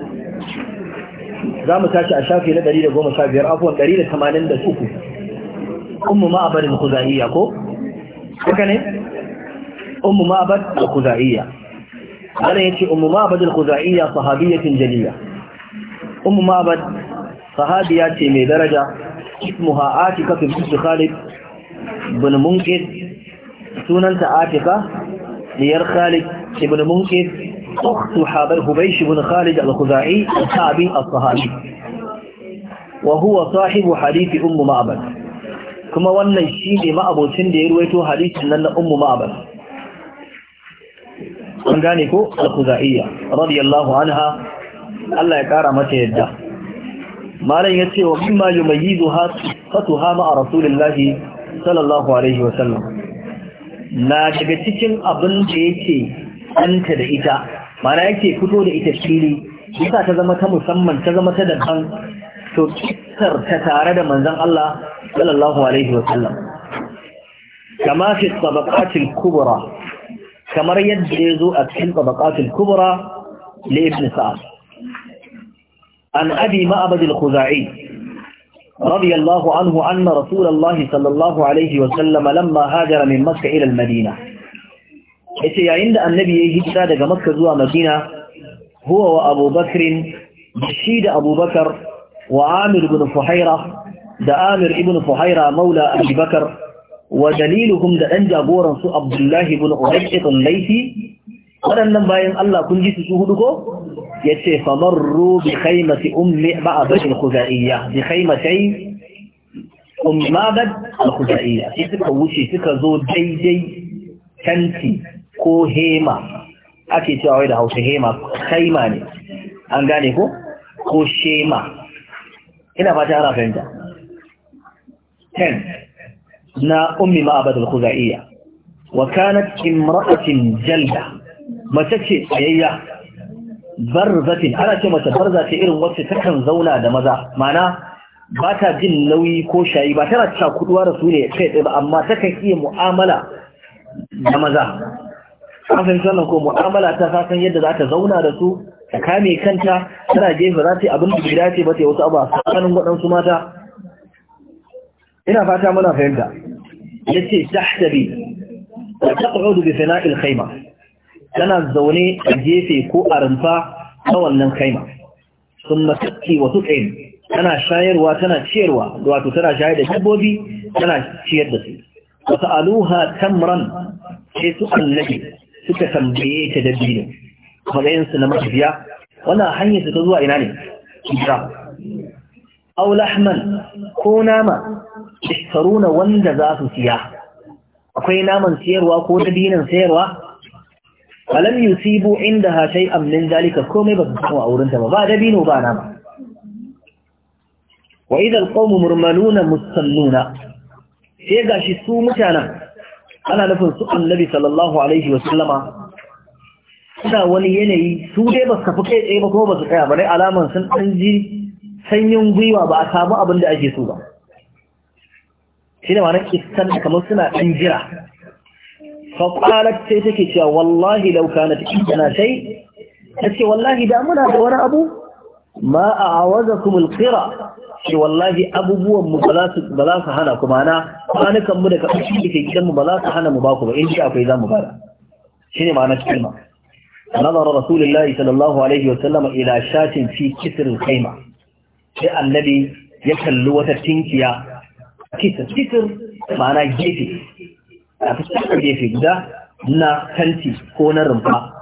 za mu tashi a shafi na 115 afuwan 183 ummu ma'abar al-khuzaiya ko haka ne ummu ma'abar al-khuzaiya ana yace ummu ma'abar al-khuzaiya sahabiyatin jalila ummu ma'abar sahabiya ce mai daraja ismuha atika bint khalid bin munqid sunanta atika diyar khalid ibn munqid أخت حابر هبيش بن خالد الخزاعي الصحابي الصحابي وهو صاحب حديث أم معبد كما وانا الشيني ما أبو سندي رويته حديث أن أم معبد أنجانيكو الخزاعية رضي الله عنها Allah ya kara mata yadda malam ya ce wa mimma yumayyizu ha fatuha ma rasulullahi sallallahu alaihi wa sallam na daga cikin abin da yake anta da ita mana yake fito da ita fili yasa ta zama ta musamman ta zama ta daban to kissar ta tare da manzon Allah sallallahu alaihi wa sallam kama fi tabaqatil kubra kamar yadda ya zo a cikin tabaqatil kubra li ibn sa'd an abi ma'bad al-khuzai رضي الله عنه أن رسول الله صلى الله عليه وسلم لما هاجر من مكة إلى المدينة yace yayin da annabi ya yi hijira daga makka zuwa madina huwa wa abubakar shi da abubakar wa amir ibn fuhaira da amir ibn fuhaira maula abubakar wa daliluhum da dan jagoransu abdullahi ibn urayqit al-laythi wadannan bayan Allah kun ji su hudu ko yace famarru bi khaymati ummi ba'd al-khuzaiyya bi khaymatay ummi ba'd al-khuzaiyya sai suka wuce suka zo daidai tanti ko hema ake cewa wai da hausa hema kaima ne an gane ko ko shema ina fata ana fahimta ten na ummi ma abad al-khuzaiya wa kanat imra'atin jalda mace ce tsayayya barzatin ana ce mace barza ce irin wacce takan zauna da maza mana ba ta jin nauyi ko shayi ba tana cakuduwa da su ne kai tsaye ba amma takan iya mu'amala da maza kafin fahimci ko mu'amala ta kasan yadda za ta zauna da su ta kame kanta tana jefa za ta yi abin da bai dace ba ta yi wasu abu a tsakanin waɗansu mata ina fata muna fahimta ya ce tahtabi ta taɓa bi fana'il khaima tana zaune a gefe ko a rumfa ta wannan khaima sun matakki wasu tsayin tana shayarwa tana ciyarwa wato tana shayar da dabbobi tana ciyar da su wasu aluha tamran sai su annabi suka tambaye ta da biyu su na matafiya wannan hanyar su ta zuwa ina ne hijira aw lahman ko nama istaruna wanda za su siya akwai naman siyarwa ko dabinin sayarwa alam yusibu indaha shay'an min zalika komai ba su samu a ta ba ba dabino ba nama wa idha alqawmu murmaluna musalluna sai gashi su mutanen ana nufin su annabi sallallahu alaihi wasallama suna wani yanayi su dai ba su kafa kai tsaye ba kuma ba su tsaya ba dai alaman sun ɗan ji sanyin gwiwa ba a samu abin da ake so ba shi ne ma nan kistan kamar suna ɗan jira faƙalar sai take cewa wallahi lauka na ta sai ce wallahi da muna da wani abu ma a awaza kumul kira ce wallahi abubuwan mu ba za su hana kuma na kwanukan mu da kafin da ke gidan mu ba za su hana mu ba ku ba in sha akwai za mu bada shine ma'anar kalma nazara rasulullahi sallallahu alaihi wa sallama ila shatin fi kisrin kaima sai annabi ya kalli wata tinkiya kisir kisir ma'ana gefe a fuskar gefe guda na kanti ko na rumfa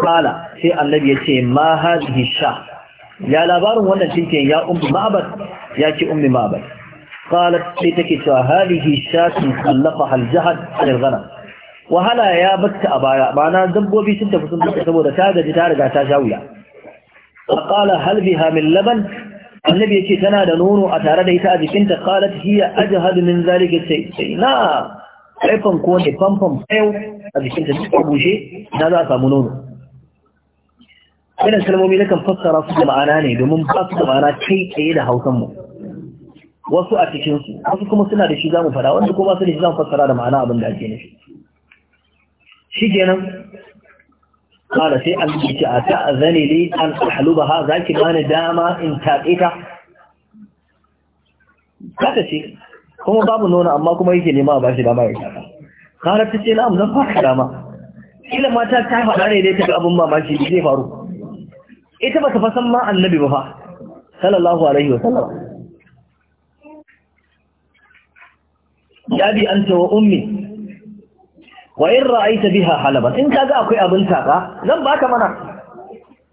kala sai annabi ya ce ma hadhihi sha ya labarin wannan tinkiyan ya ummi ma'abad ya ce ummi ma'abad qalat sai take cewa hadihi shatun khallafaha al-jahad al-ghanam wahala ya batta a baya bana dabbobi sun tafi sun tafi saboda ta gaji ta riga ta sha wuya qala hal biha min laban annabi yace tana da nono a tare da ita a jikinta qalat hiya ajhad min zalika sai na kai fanko ne famfam fayo a jikinta duk bushe na za a samu nono ina kalmomi na kan fassara su da ma'ana ne domin ba su da ma'ana kai tsaye da hausan mu wasu a cikin su wasu kuma suna da shi zamu fada wanda kuma su da shi zamu fassara da ma'ana abin da ake nufi shi kenan kala sai an ce a ta zane dai an haluba ha za ki bani dama in taƙe ta kata ce kuma babu nuna amma kuma yake nema ba shi dama ya taƙa kala ta ce na amzan fara dama kila mata ta faɗa ne dai ta ga abin mamaki zai faru ita ba ta fa san ma annabi ba fa sallallahu alaihi wa sallam ya bi anta wa ummi wa in ra'aita biha halaban in kaga akwai abin taka zan baka mana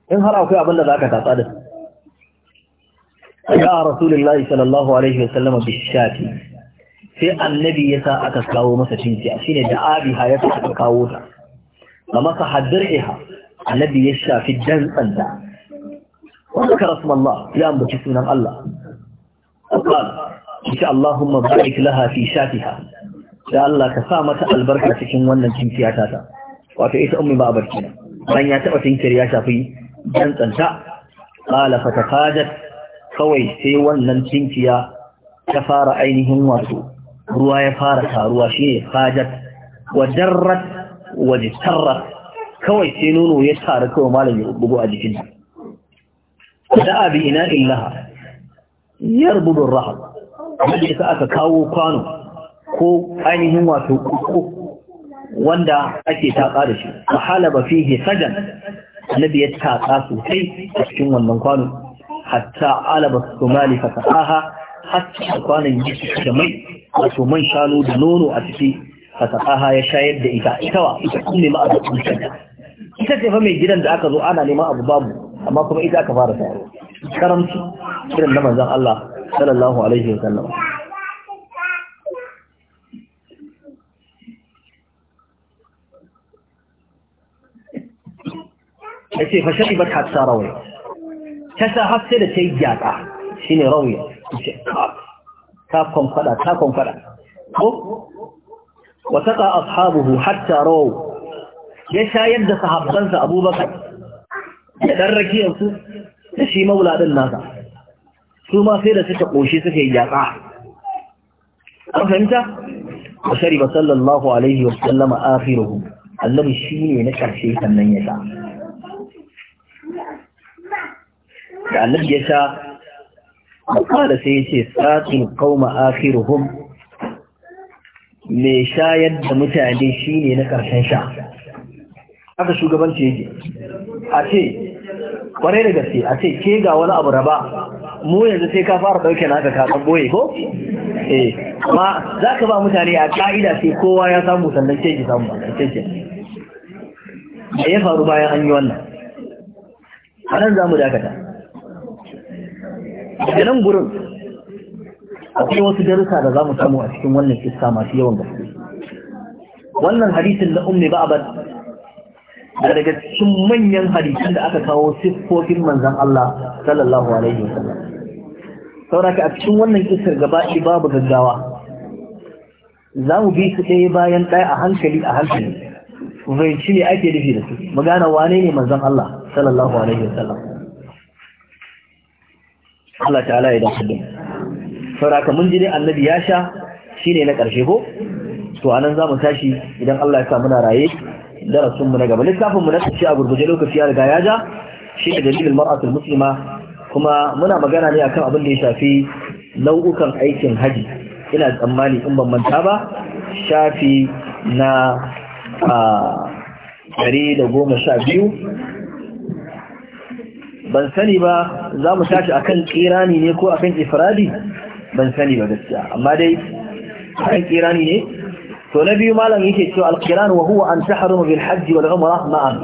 in har akwai abin da zaka tatsa da ya rasulullahi sallallahu alaihi wa sallam bi shati sai annabi ya sa aka kawo masa cinci a shine da abi ha ya sa kawo ta ga masa haddariha annabi ya shafi dan tsanta wanda ka ya ambaci sunan Allah. Allah, shi Allahumma barik laha fi shafiha, da Allah ka sa mata albarka cikin wannan cinkiya wato ita ummi ba a barci na, ya taɓa tinkiyar shafi jantsanta, ƙala fata fajar kawai sai wannan cinkiya ta fara ainihin wato, ruwa ya fara taruwa shi ne fajar, wa jarrat kawai sai nono ya taru kawai malam ya bugu a jikinta. da'a bi ina illaha yarbudu rahab wanda isa aka kawo kwano ko ainihin wato kuku wanda ake taƙa da shi wa halaba fihi sajan annabi ya taƙa sosai a cikin wannan kwano hatta alaba sumali fa sa'aha hatta kwanan yi da mai wato man shanu da nono a ciki fa sa'aha ya shayar da ita ita wa ita kuma ma'azakin ita ce fa mai gidan da aka zo ana neman abu babu amma kuma ita aka fara sayarwa karamci irin na manzon Allah sallallahu alaihi wa sallam yace fa sharibat hatta rawi ta sa har sai da ta yi gyata shine rawi yace ta konfada ta konfada ko wa taqa ashabuhu hatta rawu ya shayar da sahabbansa Abubakar da ɗan rakiyarsu da shi mauladin nasa su ma sai da suka ƙoshi suka yi yaƙa an fahimta a ba sallallahu alaihi wa sallama akhiruhu annabi shi ne na ƙarshe sannan ya sa da annabi ya sha da sai ya ce satin qauma akhiruhum mai shayar da mutane shi ne na ƙarshen sha haka shugabanci yake a ce kwarai da gaske a ce ke ga wani abu raba mu yanzu sai ka fara ɗauke naka ka kan boye ko eh amma za ka ba mutane a ka'ida sai kowa ya samu sannan ce ki samu ba ce ce me ya faru bayan an yi wannan a nan za mu dakata A nan gurin akwai wasu darussa da za mu samu a cikin wannan kissa masu yawan gaske wannan hadisin na ummi ba'abad da daga cikin manyan hadisin da aka kawo siffofin manzan Allah sallallahu alaihi sallam sauraka a cikin wannan kisar gaba shi babu gaggawa za mu bi su ɗaya bayan ɗaya a hankali a hankali zai ne ake shi da su mu gane wane ne manzan Allah sallallahu alaihi sallam Allah ta'ala ya dace da sauraka mun ji ne annabi ya sha shine na ƙarshe ko to anan za mu tashi idan Allah ya sa muna raye darasinmu na gaba littafinmu na tafiya a gurguje lokaci ya riga ya ja shi ne dalilin mar'atul muslima kuma muna magana ne akan abin da ya shafi nau'ukan aikin haji ina tsammani in ban manta ba shafi na ɗari da goma sha biyu ban sani ba za mu tashi akan kirani ne ko akan ifradi ban sani ba gaskiya amma dai akan kirani ne to na biyu malam yake cewa alqiran wa huwa an tahrumu bil hajj wal umra ma'an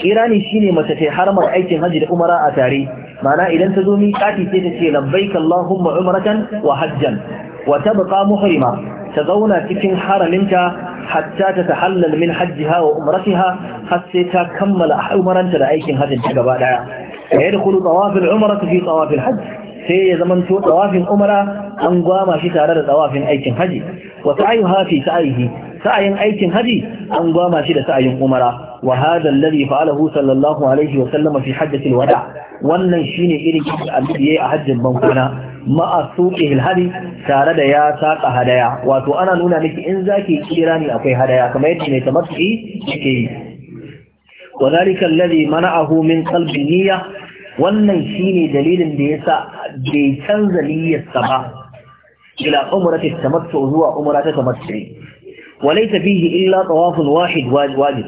kirani shine mace ta haramar aikin hajji da umara a tare mana idan ta zo miƙati sai ta ce labbaik allahumma umratan wa hajjan wa tabqa muhrima ta zauna cikin haraminta hatta ta tahallal min hajjiha wa umratiha har sai ta kammala umaranta da aikin hajjin ta gaba daya yadkhulu tawaf al umrah fi tawaf al hajj sai ya zaman to tsawafin umara an gwama shi tare da tsawafin aikin haji wa sa'ayu hafi sa'ayihi sa'ayin aikin haji an gwama shi da sa'ayin umara wa hada alladhi fa'alahu sallallahu alaihi wa sallama fi hajjati alwada wannan shine irin abin a hajjin bankuna ma'a suqihil hadi tare da ya saka hadaya wato ana nuna miki in zaki kira ni akwai hadaya kamar yadda ne tamattu yake yi وذلك الذي منعه من قلب النية wannan shine dalilin da yasa bai canza niyyarsa ba ila umrati tamattu zuwa umrata tamattu walaysa bihi illa tawafun wahid wajib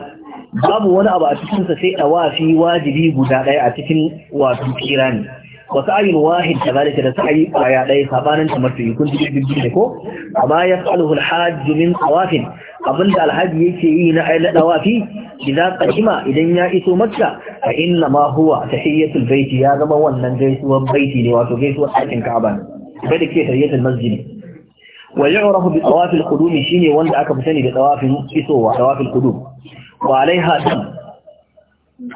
babu wani abu a cikin sa sai tawafi wajibi guda daya a cikin wato kirani wa sa'in wahid kadalika da sa'i kwaya daya sabanin tamattu kun ji bibbi ko amma yaf'aluhu al-hajj min tawafin abinda alhaji yake yi na ayyana dawafi idan qadima idan ya iso mata. A inna ma huwa tahiyatul baiti ya zama wannan gaisuwar baiti ne wato gaisuwar ɗakin ka'aba ne da ke tahiyatul masjid wa yu'rafu bi tsawafin al shine wanda aka fi sani da tsawafin isowa tsawafin al-qudum wa alaiha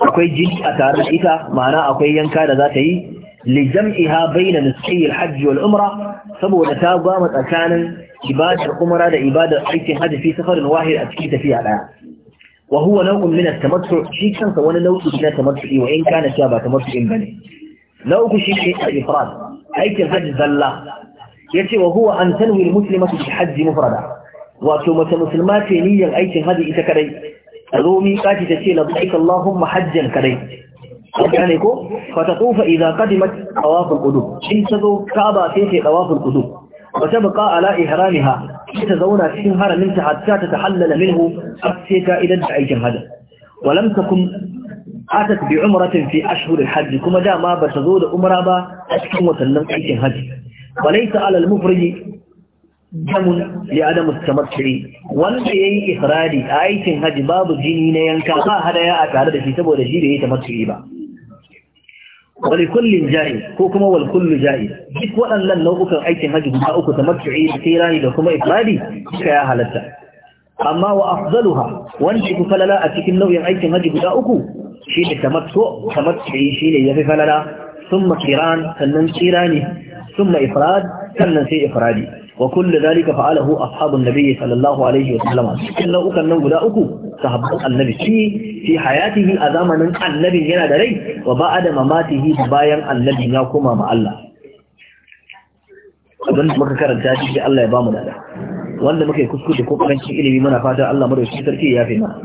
akwai jini a tare da ita ma'ana akwai yanka da za ta yi لجمعها بين نسخي الحج والعمرة سبو نتابة متأكانا إبادة العمرة لإبادة حيث هذا في سفر واحد أتكيت فيه على وهو نوع من التمتع شيء كان سوانا نوع من التمتع وإن كان شابه تمتع بني نوع شيء الإفراد أي الحج زلا يتي وهو أن تنوي المسلمة بالحج مفردا وكما مسلمات نيا أي هذه إتكري الرومي قاتل تسيل ضعيك اللهم حجا كريم gane ko fatatufa idza qadimat tawaf al-qudum in tazo kaba sai ta tawaf al-qudum wa tabqa ala ihramiha ta zauna cikin haramin ta hatta ta tahallala minhu sai ta idan da aikin hada wa lam takun atat bi umratin fi ashhur al kuma dama ba ta zo da umra ba a cikin watannin aikin hajji wa laysa ala al-mufrij damun li adam at-tamatturi wanda yayi ifradi a aikin hajji babu jini na yanka ba hadaya a tare da shi saboda shi bai yi tamatturi ba wani kullin ja'i ko kuma wal kullu ja'i duk waɗannan nau'ukan aikin hajji guda uku ta matu'i da kirani da kuma ifradi duka ya halatta amma wa afdaluha wanda ku falala a cikin nau'in aikin hajji guda uku shi ne tamattu tamattu'i shi ne yafi falala thumma kiran sannan kirani ifrad sannan sai ifradi wa kullu zalika fa'alahu ashabun nabiy sallallahu alaihi wa sallam cikin nau'ukan nan guda uku sahabban annabi shi fi hayatihi a zamanin annabin yana da rai wa ba'ada mamatihi bayan annabin ya koma ma Allah abin da muka karanta shi Allah ya bamu dada wanda muka yi kuskure ko karancin ilimi muna fata Allah madaukakin sarki ya fi mana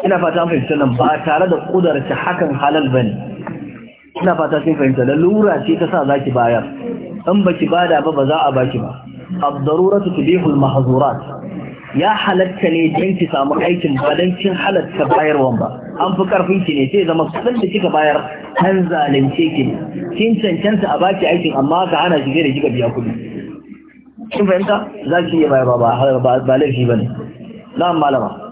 ina fata fahimta nan ba tare da kudarta hakan halal ba ne ina fata sun fahimta lalura ce ta sa za ki bayar in ba ki bada ba ba za a baki ba abdaruratu tubihul mahzurat ya halatta ne don ki samu aikin ba don kin halatta bayarwan ba an fi karfin ki ne sai zama kudin da kika bayar an zalunce ki ne kin cancanta a baki aikin amma ka hana shi da kika biya kuɗi. kin fahimta za ki iya bayar ba ba laifi ba ne na malama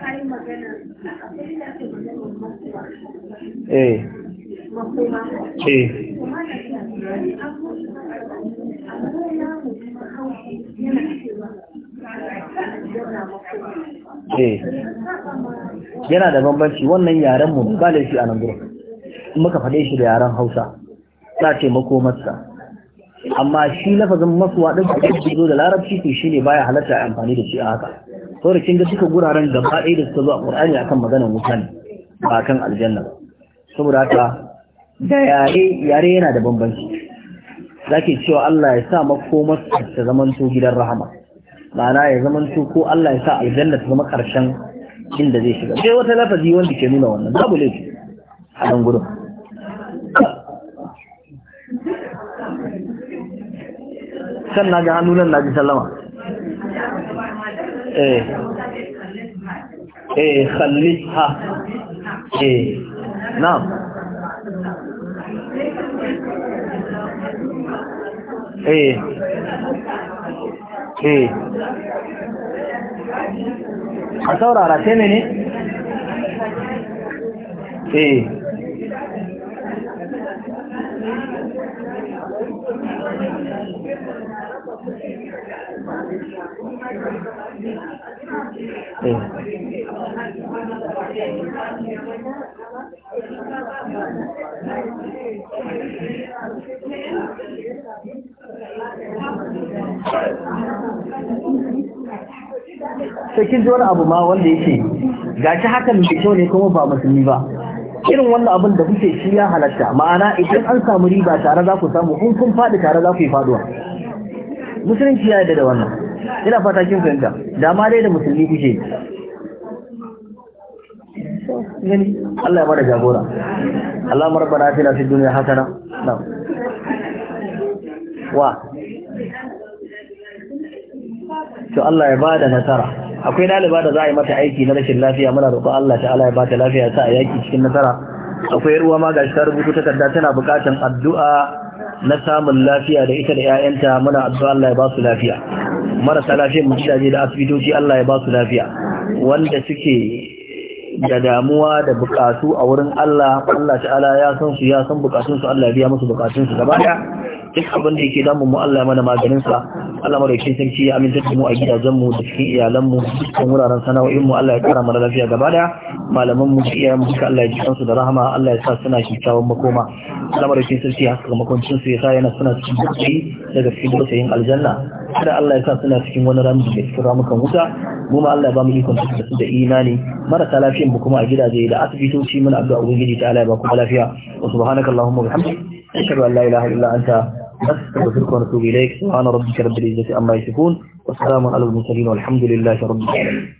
Eh. Eh. Eh. yana da bambanci wannan yaren mu ba laifi a nan gurin muka faɗe shi da yaren hausa za ce makomarsa amma shi lafazin masuwa ɗin da zo da larabci shi ne baya halatta amfani da shi a haka saboda kin ga duka guraren gaba ɗaya da suka zo a Qur'ani akan maganar wuta ne ba kan aljanna saboda haka da yare yare yana da bambanci zaki cewa Allah ya sa makomar ta to gidan rahama ma'ana ya to ko Allah ya sa aljanna ta zama karshen inda zai shiga sai wata lafazi wanda ke nuna wannan babu laifi a nan gurin kan na ga hannunan na ji sallama eh eh khalliha eh na'am eh eh a saurara ce ne eh Eh. sai kin ji wani abu ma wanda yake gashi hakan da kyau ne kuma ba musulmi ba irin wannan abin da kuke shi ya halatta ma'ana idan an samu riba tare za ku samu in kun faɗi tare za ku yi faduwa musulunci ya yarda da wannan ina fata kin fahimta da ma dai da musulmi kuke gani Allah ya bada jagora Allah marbana fi na fi duniya hasana na wa to Allah ya bada nasara akwai daliba da za a yi mata aiki na rashin lafiya muna roƙon Allah ta'ala ya bata lafiya ta a yaki cikin nasara akwai ruwa ma gashi ta rubutu takarda tana bukatan addu'a na samun lafiya da ita da 'ya'yanta muna addu'a Allah ya ba su lafiya marasa lafiyar mu gidaje da asibitoci Allah ya ba su lafiya wanda suke da damuwa da bukatu a wurin Allah Allah ta'ala ya san su ya san bukatun su Allah ya biya musu bukatun su gaba daya duk abin da yake damu mu Allah mana maganin sa Allah madaukakin sarki ya aminta da mu a gidajen mu da cikin iyalan mu cikin wuraren sana'o'in mu Allah ya kara mana lafiya gaba daya malaman mu iyayen mu duka Allah ya ji kansu da rahama Allah ya sa suna kyakkyawan makoma Allah madaukakin sarki ya saka makoncin su ya sa yana suna cikin bukati daga cikin dosayin aljanna kada Allah ya sa suna cikin wani ramu da cikin ramukan wuta mu ma Allah ya ba mu ikon da su da imani marasa lafiyan mu kuma a gidaje da asibitoci mun addu'a ubangiji ta Allah ya ba ku lafiya wa subhanakallahumma wa bihamdika ashhadu an la ilaha illa anta نستغفرك ونتوب إليك سبحان ربك رب العزة عما يصفون والسلام على المرسلين والحمد لله رب العالمين